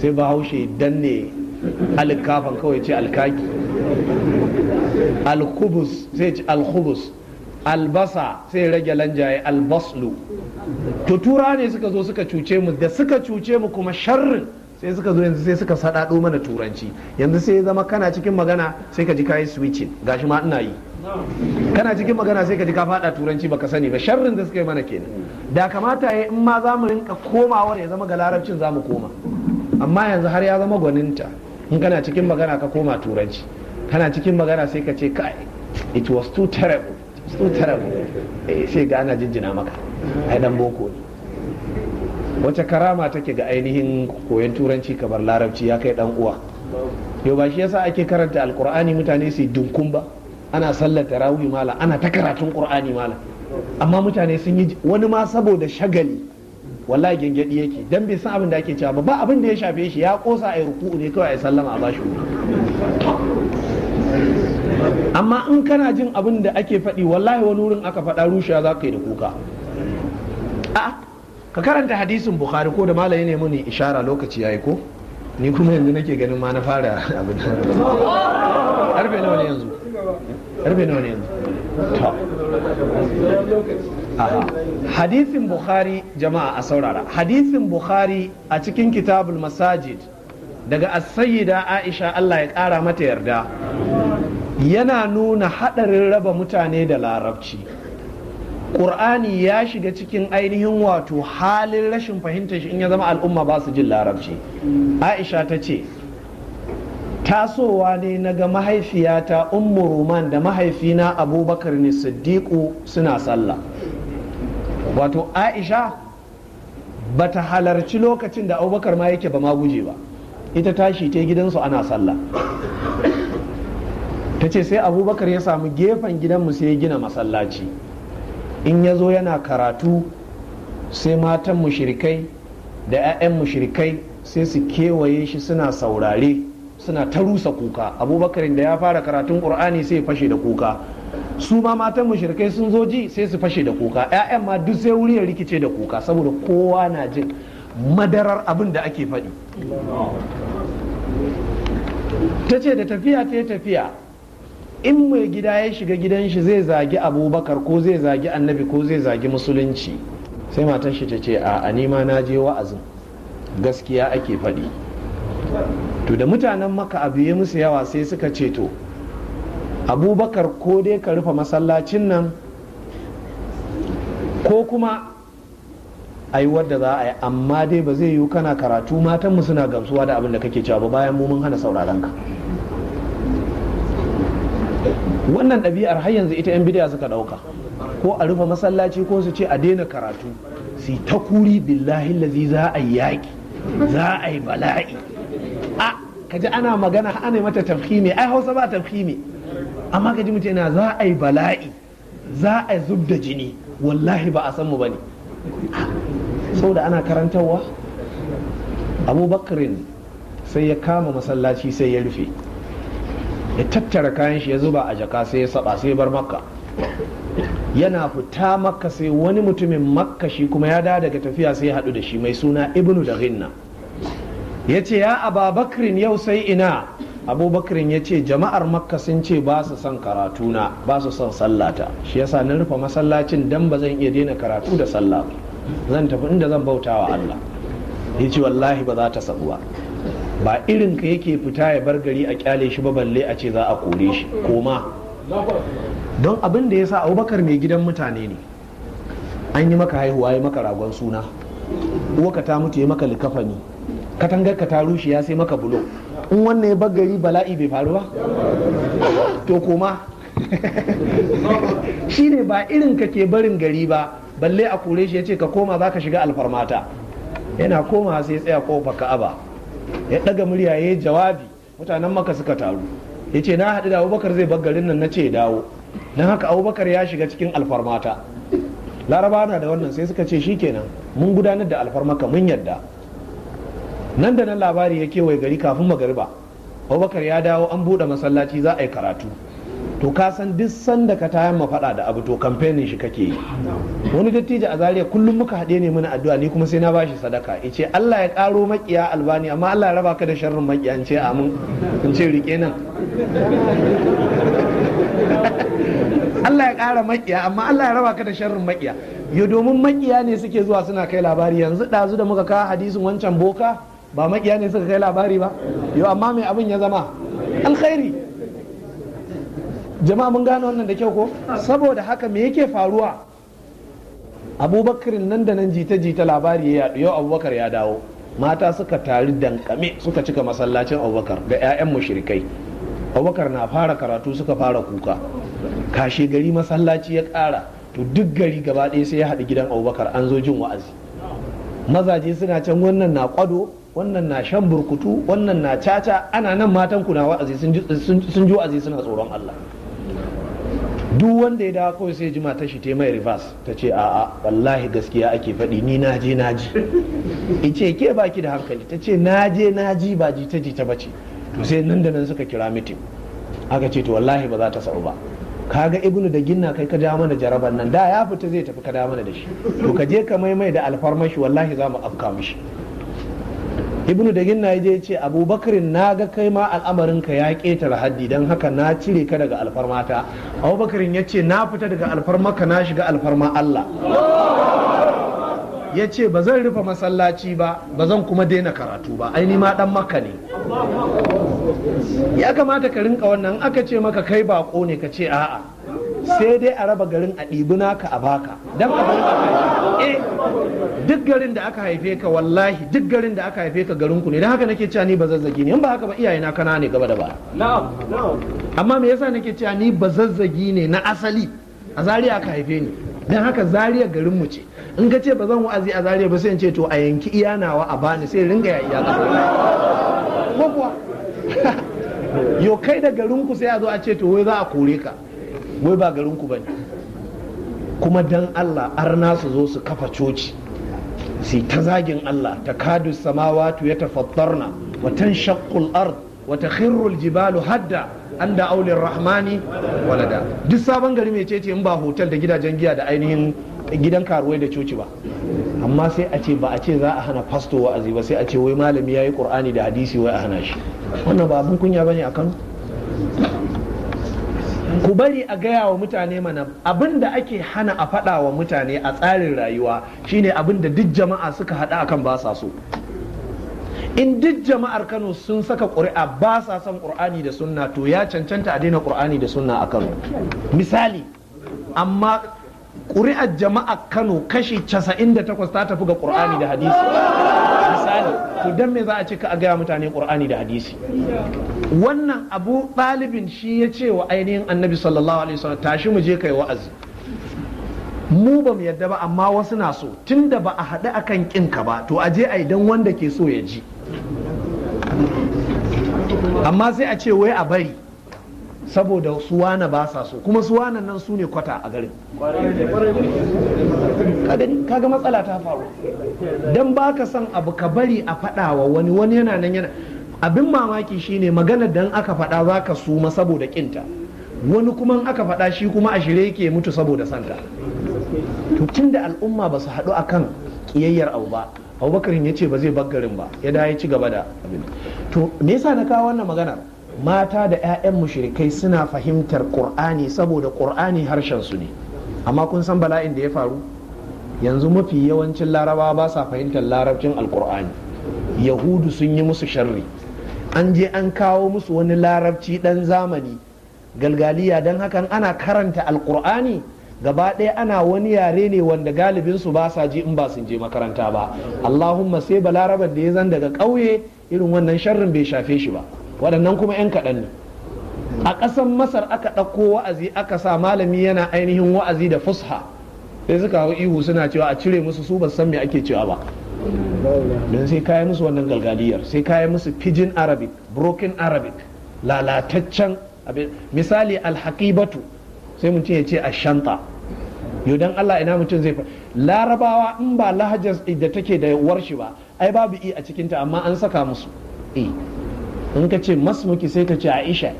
sai ba haushe danne alkafan kawai ce alkaki alkubus sai ce alkubus albasa sai rage lanjaye albaslu to tura ne suka zo suka cuce mu da suka cuce mu kuma sharrin sai suka zo yanzu sai suka sadadu mana turanci yanzu sai ya zama kana cikin magana sai ka ji kayi switching gashi ma ina yi kana cikin magana sai ka ji ka fada turanci baka sani ba sharrin da suka yi mana kenan da kamata ya in ma za mu rinka komawar ya zama ga larabcin za mu koma amma yanzu har ya zama gwaninta in kana cikin magana ka koma turanci kana cikin magana sai ka ce kai it was too terrible too eh, sai ga ana jinjina maka ai dan boko ne wace karama take ga ainihin koyon turanci kamar larabci ya kai dan uwa yau ba shi yasa ake karanta alkur'ani mutane su dunkun ba ana sallar tarawih mala ana ta karatun qur'ani mala amma mutane sun yi wani ma saboda shagali wallahi gengedi yake dan bai san abin da ake cewa ba abin da ya shafe shi ya kosa yi ruku'u ne kawai yi sallama a bashi amma in kana jin abin da ake faɗi wallahi wani wurin aka faɗa rushiya za ka yi da kuka a'a ka karanta hadisin bukhari ko da malami ne muni ishara lokaci yayi ko ni kuma yanzu nake ganin ma na fara abin karfe nawa ne yanzu karfe nawa ne yanzu hadisin bukhari jama'a a saurara hadisin bukhari a cikin kitabul masajid daga as-sayyida aisha Allah ya kara mata yarda yana nuna hadarin raba mutane da larabci ƙur'ani ya shiga cikin ainihin wato halin rashin fahimtar shi in ya zama al'umma ba su jin larabci aisha ta ce tasowa ne na ga mahaifiyata ummu roman da mahaifina abubakar ne siddiƙu suna sallah wato aisha ba ta halarci lokacin da abubakar ma yake ba ma guje ba ita tashi ta gidansu ana sallah ta ce sai abubakar ya samu gefen gidanmu sai ya gina masallaci in ya zo yana karatu sai matan mushirikai da 'ya'yan mushirikai sai su kewaye shi suna saurare suna ta rusa kuka abubakarin da ya fara karatun ƙur'ani sai fashe da kuka su ma matan mushirikai sun zo ji sai su fashe da kuka 'ya'yan ma duk sai wuri ya rikice da kuka saboda kowa na jin madarar abin da ake faɗi ta ce da tafiya ta yi tafiya in mai gida ya shiga gidan shi zai zagi abubakar ko zai zagi annabi ko zai zagi musulunci sai matan shi ta ce a na je wa'azin gaskiya ake faɗi to da mutanen maka abu ya musu yawa sai suka ce to abubakar ko dai ka rufe masallacin nan ko kuma ai wadda za a yi amma dai ba zai yiwu kana karatu matanmu suna gamsuwa da abin da kake cewa ba bayan mu mun hana sauraron ka wannan ɗabi'ar har yanzu ita 'yan bidiya suka ɗauka ko a rufe masallaci ko su ce a daina karatu su ta kuri billahi lazi za a yaƙi za a yi bala'i a kaji ana magana ana mata tafki ne ai hausa ba tafki ne. amma kaji mutum yana za a yi bala'i za a zub da jini wallahi ba a san mu bane saboda ana karantarwa abubakarin sai ya kama masallaci sai ya rufe ya tattara kayan shi ya zuba a jaka sai ya saba sai bar makka yana fita makka sai wani mutumin makka shi kuma ya da daga tafiya sai ya haɗu da shi mai suna ibnu da rinna ya ce ya ababakrin yau sai ina abubakrin ya ce jama'ar makka sun ce ba su son karatuna ba su son sallata shi yasa na rufe masallacin dan ba zan iya daina karatu da sallah zan tafi inda zan bautawa Allah ya ce wallahi ba za ta sabuwa ba ba irin ka yake fita ya bar gari a kyale shi ba balle a ce za a kore shi koma don abin da ya sa abubakar mai gidan mutane ne an yi maka haihuwa ya maka ragon suna uwa ka ta mutu ya maka likafani katangar ka ta rushe ya sai maka bulo in wannan ya bar gari bala'i bai faru ba to koma [laughs] shine ba irin ka ke barin gari ba balle a kore shi ya ce ka koma za ka shiga alfarmata yana koma sai tsaya kofa ka'aba ya ɗaga murya ya jawabi mutanen maka suka taru ya ce na haɗu da abubakar zai bar garin nan na ce dawo don haka abubakar ya shiga cikin alfarmata laraba na da wannan sai suka ce kenan. mun gudanar da alfarmaka mun yadda nan da nan labari ya kewaye gari kafin magariba abubakar ya dawo an buɗe masallaci za a yi karatu to ka san duk sanda ka tayan ma faɗa da abu to kamfenin shi kake yi wani dattijo a zaria kullum muka haɗe ne mana addu'a ni kuma sai na bashi sadaka yace Allah ya karo makiya albani amma Allah ya raba ka da sharrin makiya in ce amin in ce rike nan [laughs] Allah ya kara makiya amma Allah ya raba ka da sharrin makiya yo domin makiya ne suke zuwa suna kai labari yanzu ɗazu da muka kawo hadisin wancan boka ba makiya ne suka kai labari ba yo amma mai abin ya zama alkhairi jama'a mun gane wannan da kyau ko saboda haka me yake faruwa abubakar nan da nan jita jita labari ya yaɗu yau abubakar ya dawo mata suka tari dankame suka cika masallacin abubakar ga 'ya'yan mushrikai abubakar na fara karatu suka fara kuka kashe gari masallaci ya ƙara to duk gari gaba ɗaya sai ya haɗu gidan abubakar an zo jin wa'azi mazaje suna can wannan na kwado wannan na shan burkutu wannan na caca ana nan matan ku na wa'azi sun ji wa'azi suna tsoron Allah duk wanda ya dawo kawai sai jima ta shi ta mai reverse ta ce a'a wallahi gaskiya ake faɗi ni na je na ji [laughs] ice ke baki da hankali ta ce na je na ji ba ji ta ji ta bace to sai nan da nan suka kira mitin aka ce to wallahi ba za ta sau ba ga ibnu da ginna kai ka ja mana jaraban nan da ya fita zai tafi ka da mana da shi to ka je ka maimai da alfarmashi wallahi za mu afka mishi ibnu da ginna je ce abubakarin na ga kai ma al'amarinka ya ƙetare haddi don haka na cire ka daga alfarmata abubakarin ya ce na fita daga alfarmaka na shiga alfarma allah ya ce ba zan rufe masallaci ba ba zan kuma daina karatu ba aini ma dan maka ne ya kamata ka rinka wannan aka ce maka kai bako ne ka ce a'a sai dai a raba garin a ɗibi naka a baka don a garin aka eh, duk garin da aka haife ka wallahi duk garin da aka haife ka garin ku ne don haka nake cewa ni bazazzagi ne in ba haka ba iyayena kana ne gaba da ba amma me yasa nake cewa ni bazazzagi ne na asali a Zariya aka haife ni Don haka Zariya garin mu ce in ka ce ba zan wa'azi a Zariya ba sai in ce to a yanki iya nawa a bani sai ringa ya iya ko kuwa [laughs] yo kai da garin ku sai a zo a ce to wai za a kore ka wai ba garin ku bane kuma dan Allah arna su zo su kafa coci sai ta zagin Allah ta kadu samawatu ya tafattarna wa Shakkul ard wata takhirru jibalu hadda an da aulin rahmani walada duk sabon gari mai cece in ba hotel da gidajen giya da ainihin gidan karuwai da coci ba amma sai a ce ba a ce za a hana fasto wa'azi ba sai a ce wai malami ya yi qur'ani da hadisi wai a hana shi wannan ba abin kunya bane a kano ku bari a gaya wa mutane mana abin da ake hana a faɗa wa mutane a tsarin rayuwa shine abin da duk jama'a suka haɗa akan ba sa so in duk jama'ar kano sun saka ƙuri'a ba sa son ƙur'ani da sunna to ya cancanta a daina ƙur'ani da sunna a kano misali amma ƙuri'ar jama'ar kano kashi 98 ta tafi ga ƙur'ani da hadisi misali to dan me za a ce ka gaya mutane qur'ani da hadisi wannan abu ɗalibin shi ya ce wa ainihin annabi sallallahu alaihi wasallam tashi mu je kai wa'azi mu ba mu yadda ba amma wasu na so tunda ba a haɗu akan ka ba to a je a idan wanda ke so ya ji amma sai a ce wai a bari saboda suwana ba sa so kuma suwanan nan su ne kwata a garin kaga matsala ta faru don ba ka son abu ka bari a faɗawa wani wani yana nan yana abin mamaki shine magana dan aka fada za ka suma saboda kinta wani kuma aka fada shi kuma a shirye ke mutu saboda santa Tun da al'umma ba su haɗu akan kiyayyar abu ba Abubakar ya ce ba zai garin ba ya da ya ci gaba da abin to me yasa na kawo wannan maganar mata da 'ya'yan mushrikai suna fahimtar ƙur'ani saboda ƙur'ani harshen su ne amma kun san bala'in da ya faru yanzu mafi yawancin laraba ba sa fahimtar larabcin alƙur'ani yahudu sun yi musu sharri an je an kawo musu wani larabci dan zamani galgaliya don hakan ana karanta alƙur'ani gaba ɗaya ana wani yare ne wanda galibin su ba sa ji in ba sun je makaranta ba allahumma sai balarabar da ya zan daga ƙauye irin wannan sharrin bai shafe shi ba waɗannan kuma 'yan kaɗan ne a ƙasar masar aka ɗauko wa'azi aka sa malami yana ainihin wa'azi da fusha sai suka hau ihu suna cewa a cire musu su ban san me ake cewa ba don sai kayi musu wannan galgaliyar sai kayi musu pidgin arabic broken arabic lalataccen misali alhaƙibatu sai mutum ya ce a shanta yau dan Allah ina mutum zai larabawa in ba lahajar da take da warshi ba ai babu i a cikinta amma an saka musu in ka ce masmuki sai ta ce aisha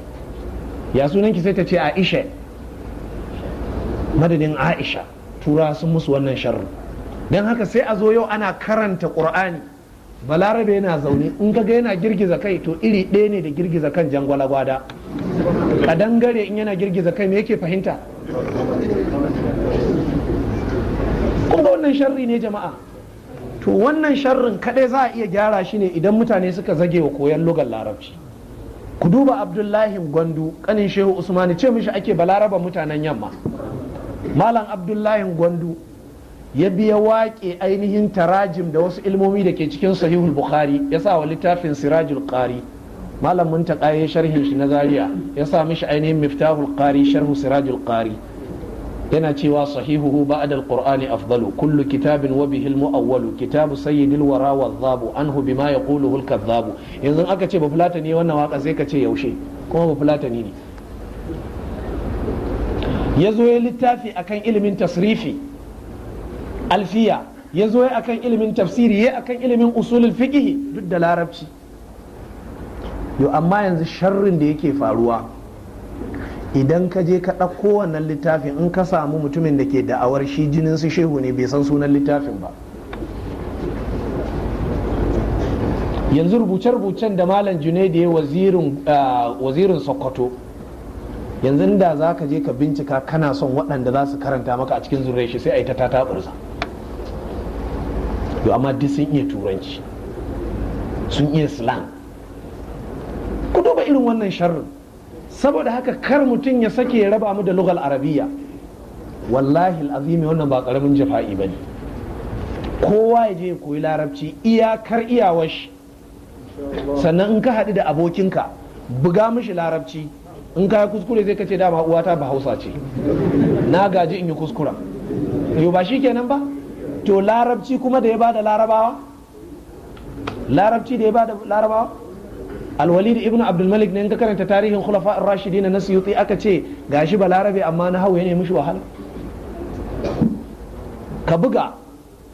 ya sunanki sai ta ce aisha madadin aisha tura sun musu wannan sharri don haka sai a zo yau ana karanta ƙur'ani balarabe yana zaune in ka ga yana girgiza kai to iri ɗaya ne da girgiza kan jangwala gwada a dangare in yana girgiza kai me yake fahimta kun ga wannan sharri ne jama'a to wannan sharrin kadai za a iya gyara shi ne idan mutane suka zage wa koyon lugar larabci ku duba abdullahi gwandu kanin shehu usmani ce mishi ake balaraba mutanen yamma malam abdullahi gwandu ya biya waƙe ainihin tarajim da wasu ilmomi da ke cikin sahihul bukhari ya sa wa littafin sirajul qari malam mun ta sharhin shi na Zariya ya sa mishi ainihin miftahul qari sharhu sirajul qari yana cewa sahihuhu ba'da alqur'ani afdalu kullu kitabin wa bihi almu'awwalu kitabu sayyidil wara wadhabu anhu bima yaquluhu alkadhabu yanzu aka ce bafulata ne wannan waka sai ka ce yaushe kuma bafulata ne ne ya zo ya littafi akan ilimin tasrifi alfiya ya zo ya akan ilimin tafsiri ya akan ilimin usulul fiqh duk da larabci yo amma yanzu sharrin da yake faruwa idan ka je ka ɗauko wannan littafin in ka samu mutumin da ke da'awar shi jinin su shehu ne bai san sunan littafin ba yanzu rubuce-rubucen da malam junaidu ya wazirin sokoto yanzu da za ka je ka bincika kana son waɗanda za su karanta maka a cikin zurre shi sai a yi ta tataɓarsa yau amma duk sun iya turanci sun iya slang ku duba irin wannan sharrin saboda haka kar mutum ya sake ya raba mu da lugal arabiya wallahi azimi wannan ba karamin jafa'i bane kowa ya je ya koyi larabci iyakar iyawashi sannan in ka haɗu da abokinka buga mishi larabci in ka kuskure zai kace dama uwata ba hausa ce na gaji in yi kuskura yau ba shi kenan ba to larabci kuma da ya bada larabawa larabci da ya bada larabawa alwalid Ibnu abdul malik ne in ka karanta tarihin khulafa ar-rashidin na suyuti aka ce gashi balarabe amma na hawo ne mishi wahala ka buga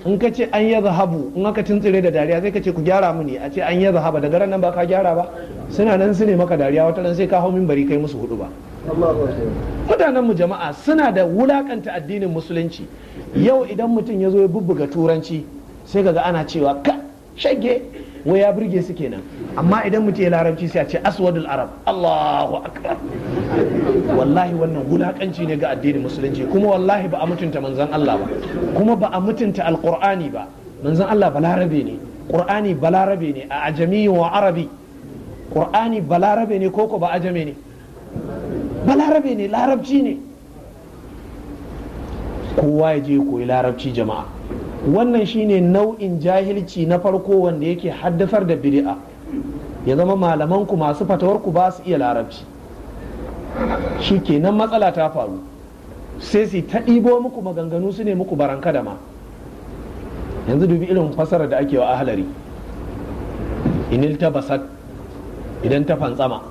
in ka ce an yi zahabu in aka tuntsire da dariya sai ka ce ku gyara mini a ce an yi zahaba daga garan nan ba ka gyara ba suna nan su ne maka dariya wata ran sai ka hau minbari kai musu hudu ba mutanen mu jama'a suna da wulakanta addinin musulunci yau idan mutum ya zo ya bubbuga turanci sai kaga ana cewa ka shage wai ya burge su kenan amma idan mutum ya larabci sai a ce aswadul arab Allahu akbar wallahi wannan wulakanci ne ga addinin musulunci kuma wallahi ba a mutunta manzon Allah ba kuma ba a mutunta alqur'ani ba manzon Allah balarabe ne qur'ani balarabe ne a ajami wa arabi qur'ani balarabe ne koko ba ajami ne balarabe ne larabci ne kowa ya je koyi larabci jama'a wannan shine nau'in jahilci na farko wanda yake haddasar da bid'a ya zama malaman ku masu fatawar ku ba su iya larabci shi kenan matsala ta faru sai su ta ɗibo muku maganganu su ne muku baranka da ma yanzu dubi irin fasarar da ake wa ahalari inil ta basat idan ta fantsama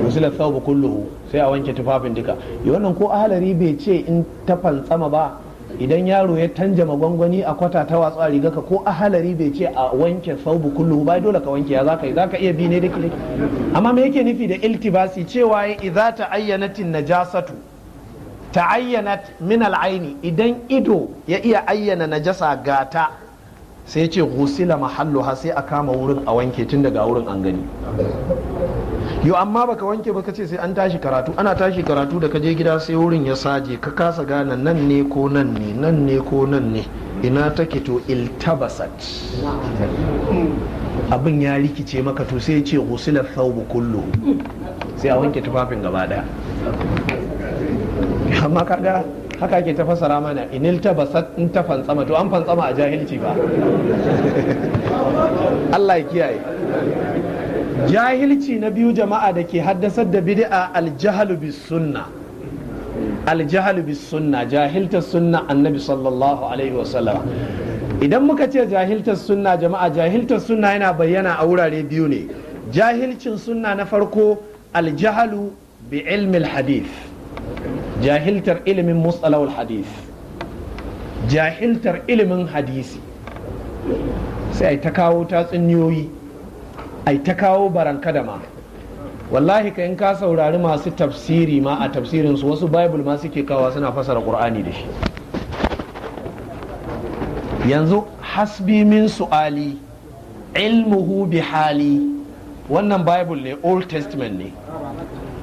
musulat thawbu kulluhu sai a wanke tufafin duka wannan ko ahalari bai ce in ta fantsama ba idan yaro ya tanja magwangwani a kwata ta watsu a riga ka ko a halari bai ce a wanke saubu kullu ba dole ka wanke ya zaka zaka iya bi ne dake amma me yake nufi da iltibasi cewa ya idza ta'ayyanat najasatu ta'ayyanat min al'aini idan ido ya iya ayyana najasa gata sai ce ghusila ha sai a kama wurin a wanke tun daga wurin an gani yo amma baka wanke ba kace sai an tashi karatu ana tashi karatu da kaje gida sai wurin ya saje ka kasa gane nan ne ko nan ne nan ne ko nan ne ina take to iltabasat abin ya rikice maka to sai ce ghusila thawb kullu sai a wanke tufafin gaba daya amma kaga haka ke ta mana in iltabasat in ta fantsama to an fantsama a jahilci ba [laughs] Allah ya kiyaye jahilci na biyu jama'a da ke haddasar da bid'a aljahalu bis sunna aljahalu bis sunna jahilta sunna annabi sallallahu alaihi wasallam idan muka ce jahiltar sunna jama'a jahiltar sunna yana bayyana a wurare biyu ne jahilcin sunna na farko aljahalu bi ilmil hadith jahiltar ilimin mustalawul hadith jahiltar ilimin hadisi sai ta kawo tatsuniyoyi ai ta kawo baranka da ma wallahi ka in ka saurari masu tafsiri ma a tafsirin su wasu bible ma suke kawa suna fasara qur'ani da shi yanzu hasbi min su'ali ilmuhu bi hali wannan bible ne old testament ne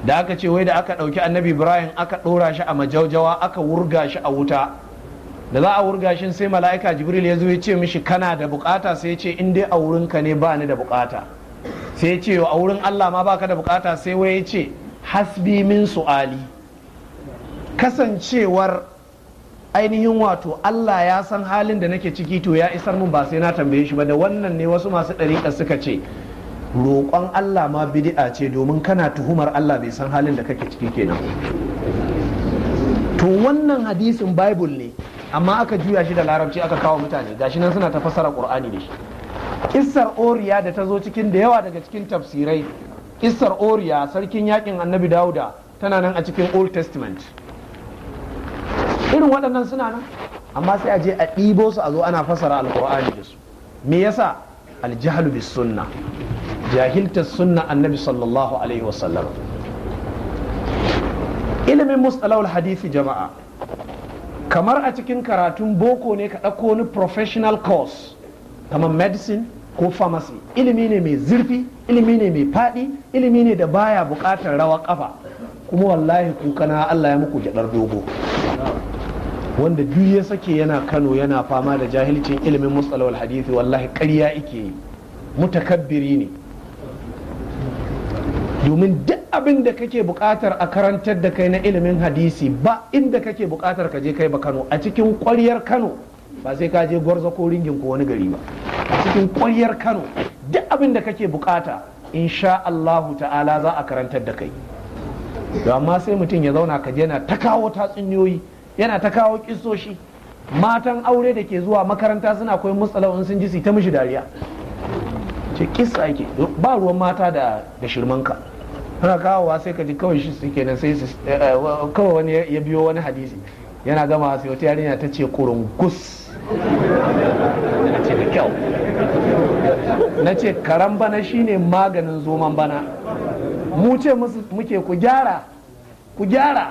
da aka ce wai da aka ɗauki annabi ibrahim aka ɗora shi a majaujawa aka wurga shi a wuta da za a wurga shi sai mala'ika jibril ya zo ya ce mishi kana da bukata sai ya ce in dai a wurinka ne ba ni da bukata sai ya ce a wurin Allah ma baka da bukata sai wai ya ce hasbi min su'ali kasancewar ainihin wato Allah ya san halin da nake ciki to ya isar mun ba sai na tambaye shi ba da wannan ne wasu masu ɗariƙa suka ce roƙon Allah ma bidi'a ce domin kana tuhumar Allah bai san halin da kake ciki kenan to wannan hadisin bible ne amma aka juya shi da larabci aka kawo mutane gashi nan suna ta fassara qur'ani da shi kissar oriya da ta zo cikin da yawa daga cikin tafsirai kissar oriya sarkin yakin annabi Dawuda tana nan a cikin old testament irin waɗannan suna nan amma sai a je a ɗibo su a zo ana fasara alkur'ani da su me yasa aljahlu bis sunna jahilta sunna annabi sallallahu alaihi wasallam ilimin mustalahul hadisi jama'a kamar a cikin karatun boko ne ka ɗauko wani professional course kamar medicine ko pharmacy ilimi ne mai zurfi ilimi ne mai faɗi ilimi ne da baya buƙatar rawa kafa kuma wallahi kukana Allah ya muku gyaɗar dogo wanda duk ya sake yana Kano yana fama da jahilcin ilimin mustalawal hadisi wallahi ƙarya ike yi mutakabbiri ne domin duk abin da kake buƙatar a karantar da kai na ilimin hadisi ba inda kake buƙatar ka je kai ba Kano a cikin ƙwaryar Kano ba sai ka je gwarzo ko ringin ko wani gari ba a cikin ƙwaryar kano duk abin da kake bukata insha Allahu ta'ala za a karantar da kai amma sai mutum ya zauna ka yana ta kawo tatsuniyoyi yana ta kawo kisoshi matan aure da ke zuwa makaranta suna koyi matsala in sun ji su ta mishi dariya ce kisa ake ba ruwan mata da shirmanka suna kawowa sai ka ji kawai shi su nan sai eh, eh, kawai wani ya biyo wani hadisi yana gama sai wata yarinya ta ce kurungus na ce da kyau na ce karan bana shine maganin zoman bana mu ce muke ku gyara ku gyara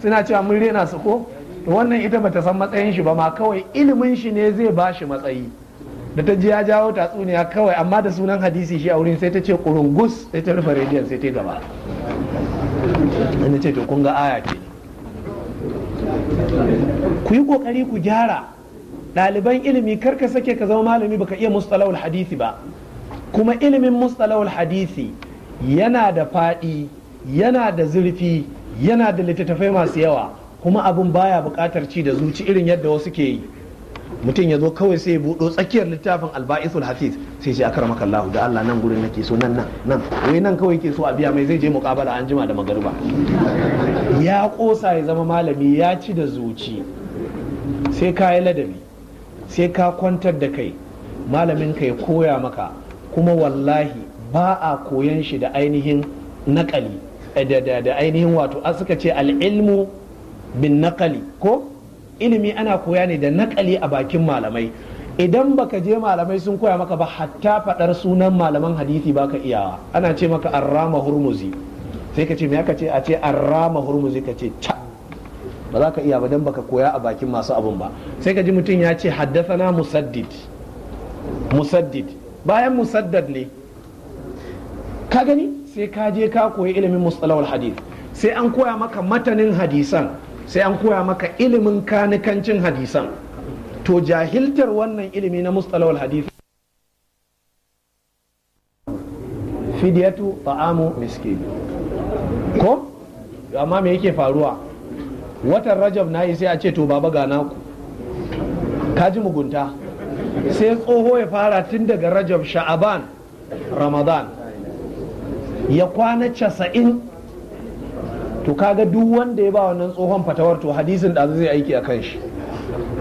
suna cewa mun rena su ko wannan ita bata san matsayin shi ba ma kawai ilimin shi ne zai ba shi matsayi da ta ji ya jawo tatsuniya kawai amma da sunan hadisi shi a wurin sai ta ce kurungus sai ta rufe rediyon sai ta gaba ina ce to kun ga aya ce ku yi kokari ku gyara ɗaliban ilimi kar ka sake ka zama malami baka iya mustalawar hadisi ba kuma ilimin mustalawul hadisi yana da faɗi yana da zurfi yana da littattafai masu yawa kuma abin baya buƙatar ci da zuci irin yadda wasu ke yi mutum ya zo kawai sai buɗo tsakiyar littafin alba'isul hafiz sai ce akar makallahu da Allah nan gurin nake so nan nan nan wai nan kawai ke so a biya mai zai je muƙabala an jima da magariba ya ƙosa ya zama malami ya ci da zuci sai kayi ladabi sai ka kwantar da kai malamin ka ya koya maka kuma wallahi ba a koyan shi da ainihin naƙali eh, da ainihin wato a suka ce al'ilmu bin naƙali ko ilimi ana koya ne da naƙali a bakin malamai idan baka je malamai sun koya maka ba hatta faɗar sunan malaman hadisi ka iyawa ana ce maka arrama hurmuzi sai ka ce me aka ce a ce arrama hurmuzi ka ce ca ba za ka iya ba dan baka koya a bakin masu abun ba sai ka ji mutum ya ce haddasana musaddid musaddid bayan musaddad ne ka gani sai ka je ka koyi ilimin mustalahul hadith sai an koya maka matanin hadisan sai an koya maka ilimin kanikancin hadisan to jahiltar wannan ilimi na mustalahul hadith fidiyatu ta'amu miskin ko amma me yake faruwa watan rajab na yi sai a ce to baba ga naku ka ji mugunta sai tsoho ya fara tun daga rajab sha'aban ramadan ya kwana casa'in to kaga duk wanda ya ba wannan tsohon fatawar to hadisin da zai aiki a kan shi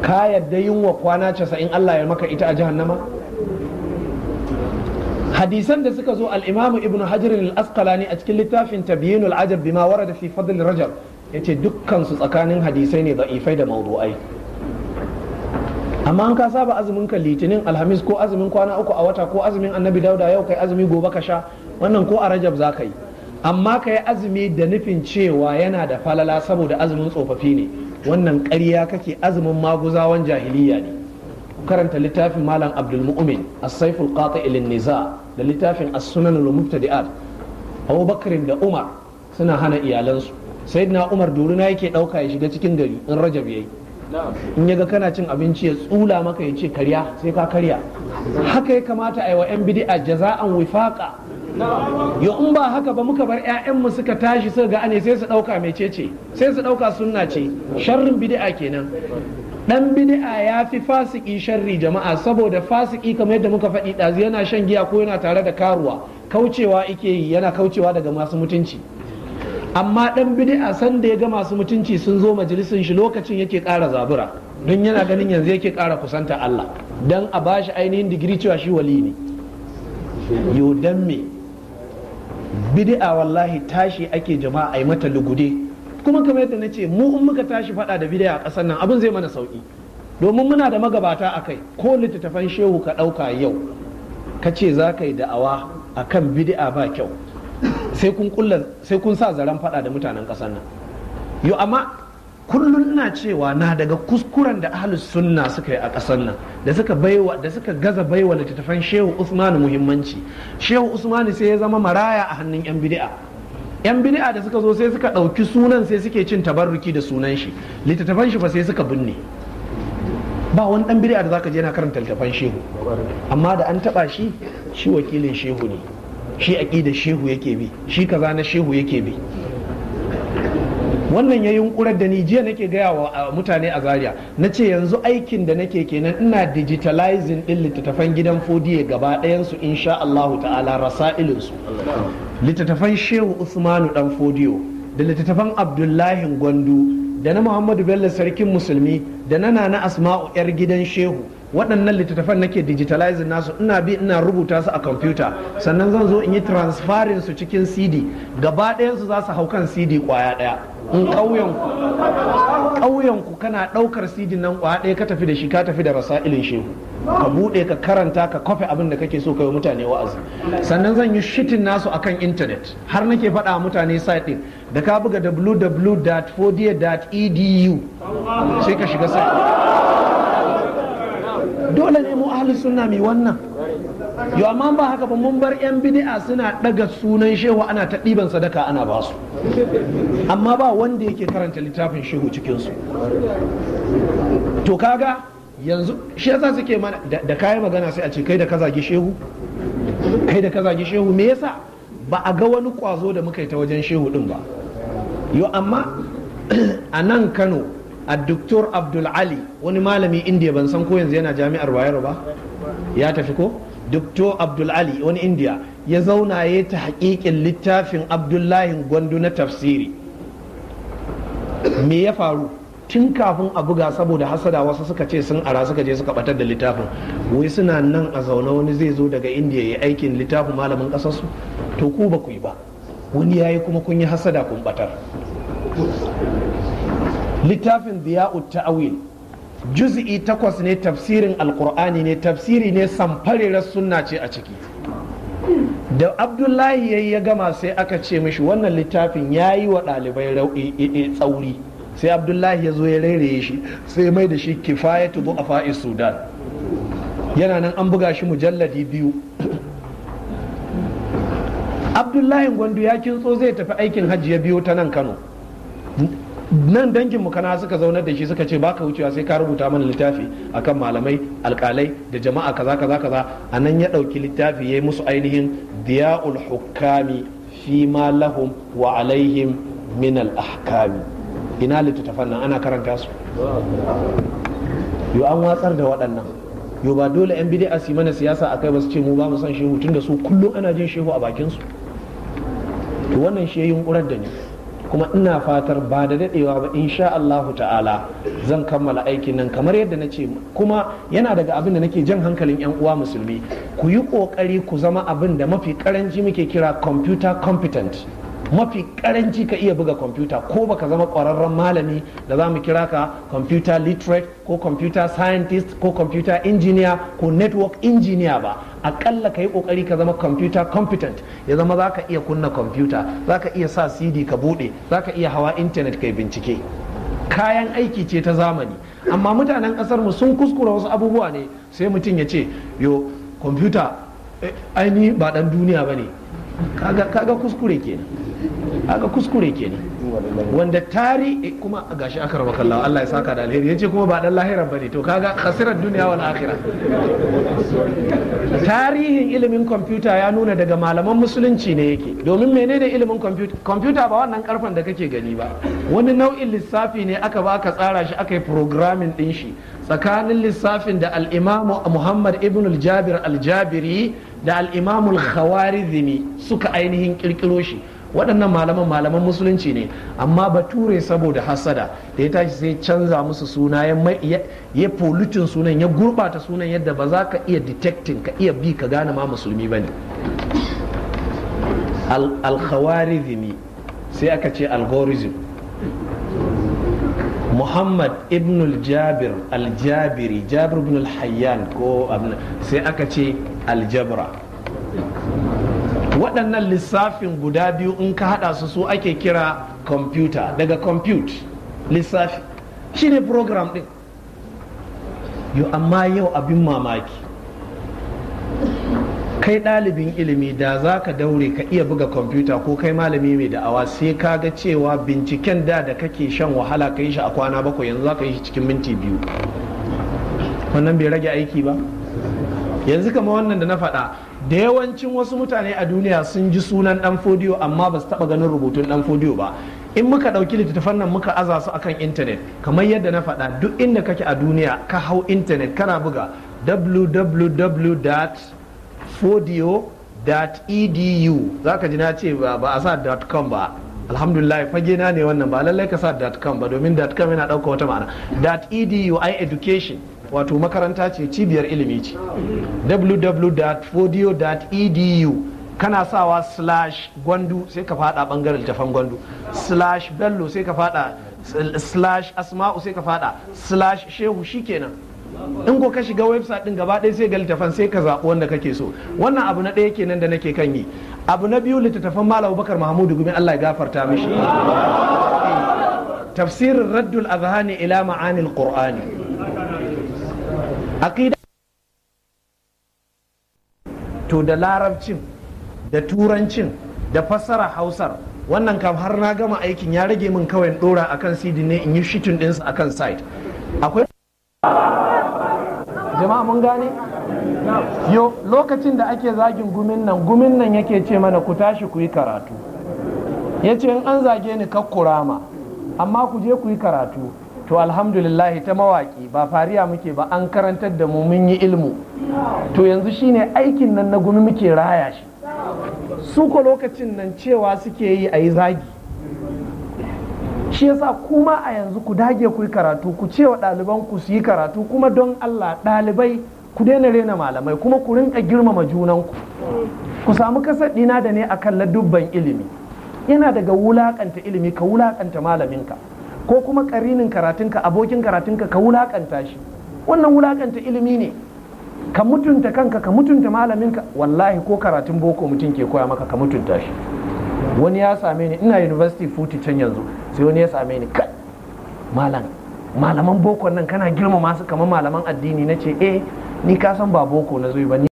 ka yadda wa kwana casa'in allah ya maka ita a jahannama hadisan da suka zo al'imamu ibn hajar al-asqalani a cikin littafin tabiyyinul ajab bima warada fi fadl rajab yace dukkansu tsakanin hadisai ne ifai da maudu'ai amma an ka saba azumin ka litinin alhamis ko azumin kwana uku a wata ko azumin annabi dauda yau kai azumi gobe ka sha wannan ko a rajab za ka yi amma ka yi azumi da nufin cewa yana da falala saboda azumin tsofaffi ne wannan ƙarya kake azumin maguzawan jahiliya ne karanta littafin malam abdul mu'min as-saiful qati'il niza da littafin as-sunan al-mubtadi'at abubakar da umar suna hana iyalansu Sai na umar duruna yake ɗauka ya shiga cikin gari in rajab yayi in yaga kana cin abinci ya tsula maka ya ce karya sai ka karya haka ya kamata a yi wa 'yan bid'a jaza'an wifaqa ya in ba haka ba muka bar 'ya'yanmu suka tashi suka ga ne sai su dauka mecece sai su ɗauka sunna ce sharrin bidi'a kenan dan bidi'a ya fi fasiki sharri jama'a saboda fasiki kamar yadda muka faɗi ɗazu yana shan giya ko yana tare da karuwa kaucewa ike yi yana kaucewa daga masu mutunci amma dan bid'a san da ya ga masu mutunci sun zo majalisin shi lokacin yake ƙara zabura don yana ganin yanzu yake ƙara kusanta Allah dan a bashi ainihin digiri cewa shi wali ne yo dan me bid'a wallahi tashi ake jama'a ai mata lugude kuma kamar yadda nace mu in muka tashi fada da bid'a a ƙasar nan abin zai mana sauki domin muna da magabata akai ko littattafan shehu ka ɗauka yau ka ce za ka yi da'awa akan bid'a ba kyau sai kun kulla sai kun sa zaren fada da mutanen kasar nan yo amma kullun ina cewa na daga kuskuren da ahlus sunna suka yi a kasar nan da suka baiwa da suka gaza baiwa littattafan shehu usmanu muhimmanci shehu usmanu sai ya zama maraya a hannun yan bid'a yan bid'a da suka zo sai suka ɗauki sunan sai suke cin tabarruki da sunan shi littattafan shi fa sai suka binne ba wani dan bid'a da zaka je na karanta littattafan shehu amma da an taba shi shi wakilin shehu ne shi da shehu yake bi shi kaza na shehu yake bi wannan ya yunkurar da ni jiya nake gaya wa mutane a zaria na ce yanzu aikin da nake kenan ina digitalizing din littattafan gidan fodiye gaba ɗayansu insha Allahu ta'ala rasa'ilinsu littattafan shehu usmanu dan fodiyo da littattafan abdullahi gwandu da na muhammadu bello sarkin musulmi da na nana asma'u 'yar gidan shehu waɗannan littattafan nake digitalizing nasu ina bi ina rubuta su a kwamfuta sannan zan zo in yi transferin su cikin cd gaba su za su hau kan cd kwaya ɗaya in ƙauyen ku kana ɗaukar cd nan kwaya ɗaya ka tafi da shi ka tafi da rasa ilin shehu ka buɗe ka karanta ka kwafe abin da kake so kai mutane wa'azi sannan zan yi shitin nasu akan intanet har nake faɗa mutane site ɗin da ka buga www.fodia.edu sai ka shiga site dole ne mu ahli sunna mai wannan yau amma ba haka ba mun bar yan bid'a suna daga sunan shehu ana ta ɗiban sadaka ana ba su amma ba wanda yake karanta littafin shehu cikinsu. su to kaga yanzu shi yasa suke mana da kayan magana sai a ce kai da ka zagi shehu kai da ka zagi shehu me yasa ba a ga wani kwazo da muka yi ta wajen shehu din ba yau amma [clears throat] a nan kano a Dr. abdul ali wani malami India ban san ko yanzu yana jami'ar bayero ba ya tafi ko Dr. abdul ali wani indiya ya zauna ya ta hakikin littafin abdullahi gwandu na tafsiri me ya faru tun kafin a buga saboda hasada wasu suka ce sun ara suka je suka batar da littafin wai suna nan a zaune wani zai zo daga indiya ya aikin littafin malamin kasarsu to ku ba ku yi ba wani yayi kuma kun yi hasada kun batar littafin diya'ut ta'awil juz'i takwas ne tafsirin alkur'ani ne tafsiri ne samfarerar sunna ce a ciki da abdullahi ya ya gama sai aka ce mishi wannan littafin ya yi wa ɗalibai tsauri sai abdullahi ya zo ya rairaye shi sai mai da shi kifayatu du'afa sudan yana nan an buga shi mujalladi biyu abdullahi gwandu ya kintso zai tafi aikin hajji ya biyo ta nan kano nan dangin mu kana suka zauna da shi suka ce baka wucewa sai ka rubuta mana littafi akan malamai alkalai da jama'a kaza kaza kaza a nan ya ɗauki littafi ya musu ainihin diya'ul hukami fi ma lahum wa alaihim min al ahkami ina littattafan nan ana karanta su yo an watsar da waɗannan yo ba dole yan bid'a su mana siyasa akai ba su ce mu ba mu san shehu tunda su kullum ana jin shehu a bakin su to wannan shi ya yunkurar da ni kuma ina fatar ba da daɗewa ba in sha Allahu ta'ala zan kammala aikin nan kamar yadda na ce kuma yana daga abin da nake jan hankalin yan uwa musulmi ku yi ƙoƙari ku zama abin da mafi ƙaranci muke kira computer competent mafi karanci ka iya buga kwamfuta ko baka zama kwararren malami da za mu kira ka computer literate ko computer scientist ko computer engineer ko network engineer ba akalla ka yi kokari ka zama computer competent ya zama za ka iya kunna kwamfuta za ka iya sa cd ka bude za ka iya hawa intanet ka yi bincike kayan aiki ce ta zamani amma mutanen kasar mu sun kuskura wasu abubuwa ne sai mutum ya ce yo kwamfuta eh, aini ba dan duniya ba ne kaga kuskure kenan aka kuskure ke ne wanda tari eh, kuma gashi aka raba kallawa Allah ya saka da alheri yace kuma ba dan lahiran bane to kaga khasirar duniya wal akhirah tarihin ilimin kwamfuta ya nuna daga malaman musulunci ne yake domin menene ilimin kwamfuta kwamfuta ba wannan karfan da kake gani ba wani nau'in lissafi ne aka ba ka tsara shi aka yi programming din shi tsakanin lissafin da al'imamu muhammad ibn al-jabir al-jabiri da al'imamu al-khawarizmi suka ainihin kirkiro shi waɗannan malaman malaman musulunci ne amma ba ture saboda hasada da ya tashi sai canza musu suna ya pollutin sunan ya gurɓata sunan yadda ba za ka iya detecting ka iya bi ka gane ma musulmi ba ne alkhawarizmi sai aka ce algorithm muhammad ibn jabir aljabiri jabir ibn hayyan ko sai aka ce aljabra waɗannan lissafin guda biyu in ka haɗa su su ake kira kwamfuta daga compute lissafi shine program ɗin Yau amma yau abin mamaki kai ɗalibin ilimi da za ka daure ka iya buga kwamfuta ko kai malami mai da'awa sai ka ga cewa binciken da da kake shan wahala ka yi shi a kwana bakwai yanzu za ka yi shi cikin minti biyu wannan bai rage aiki ba yanzu kama wannan da na faɗa da yawancin wasu mutane a duniya sun ji sunan dan fodiyo amma ba su taba ganin rubutun dan fodiyo ba in muka ɗauki littattafan nan muka aza su akan intanet kamar yadda na faɗa duk inda kake a duniya ka hau intanet kana buga www.fodio.edu za ka ji na ce ba a sa .com ba alhamdulillah fage na ne wannan ba lallai ka sa .com ba domin .com yana ɗauka wata ma'ana .edu i education wato makaranta ce cibiyar ilimi ce www.fodio.edu kana sawa slash gwandu sai ka fada bangaren littafan gwandu slash bello sai ka fada slash asma'u sai ka fada slash shehu shi kenan, in ko ka shiga website din gaba ɗaya sai ga littafan sai ka zaɓi wanda kake so wannan abu na ɗaya kenan da nake kan yi abu na biyu littattafan malam bakar mahmudu gumi allah ya gafarta mishi tafsirin raddul azhani ila ma'anil qur'ani aqida to da larabcin da turancin da fassara hausar wannan kam har na gama aikin ya rage min kawai dora akan cd ne in yi shitin ɗinsa akan site akwai jama'a mun gane yo lokacin da ake zagin gumin nan gumin nan yake ce mana ku tashi ku yi karatu ya ce in an zage ni kakkurama amma ku je ku yi karatu to alhamdulillahi ta mawaƙi ba fariya muke ba an karantar da mu mun yi ilmu to yanzu shine aikin nan na gumi muke raya shi su ko lokacin nan cewa suke yi a yi zagi shi yasa kuma a yanzu ku dage ku yi karatu ku ce wa ɗaliban ku su yi karatu kuma don Allah ɗalibai ku daina rena malamai kuma ku rinka girmama junanku ku samu kasar ɗina da ne akan ladubban ilimi yana daga wulakanta ilimi ka wulakanta malaminka ko kuma karinin karatunka abokin karatunka ka wulakanta shi wannan wulakanta ilimi ne ka mutunta kanka ka mutunta malaminka wallahi ko karatun boko mutum ke koya maka ka mutunta shi wani ya same ni ina university futi can yanzu sai wani ya same ni kai malam malaman boko nan kana girmama su kamar malaman addini na ce eh ni ka san ba boko na zo ba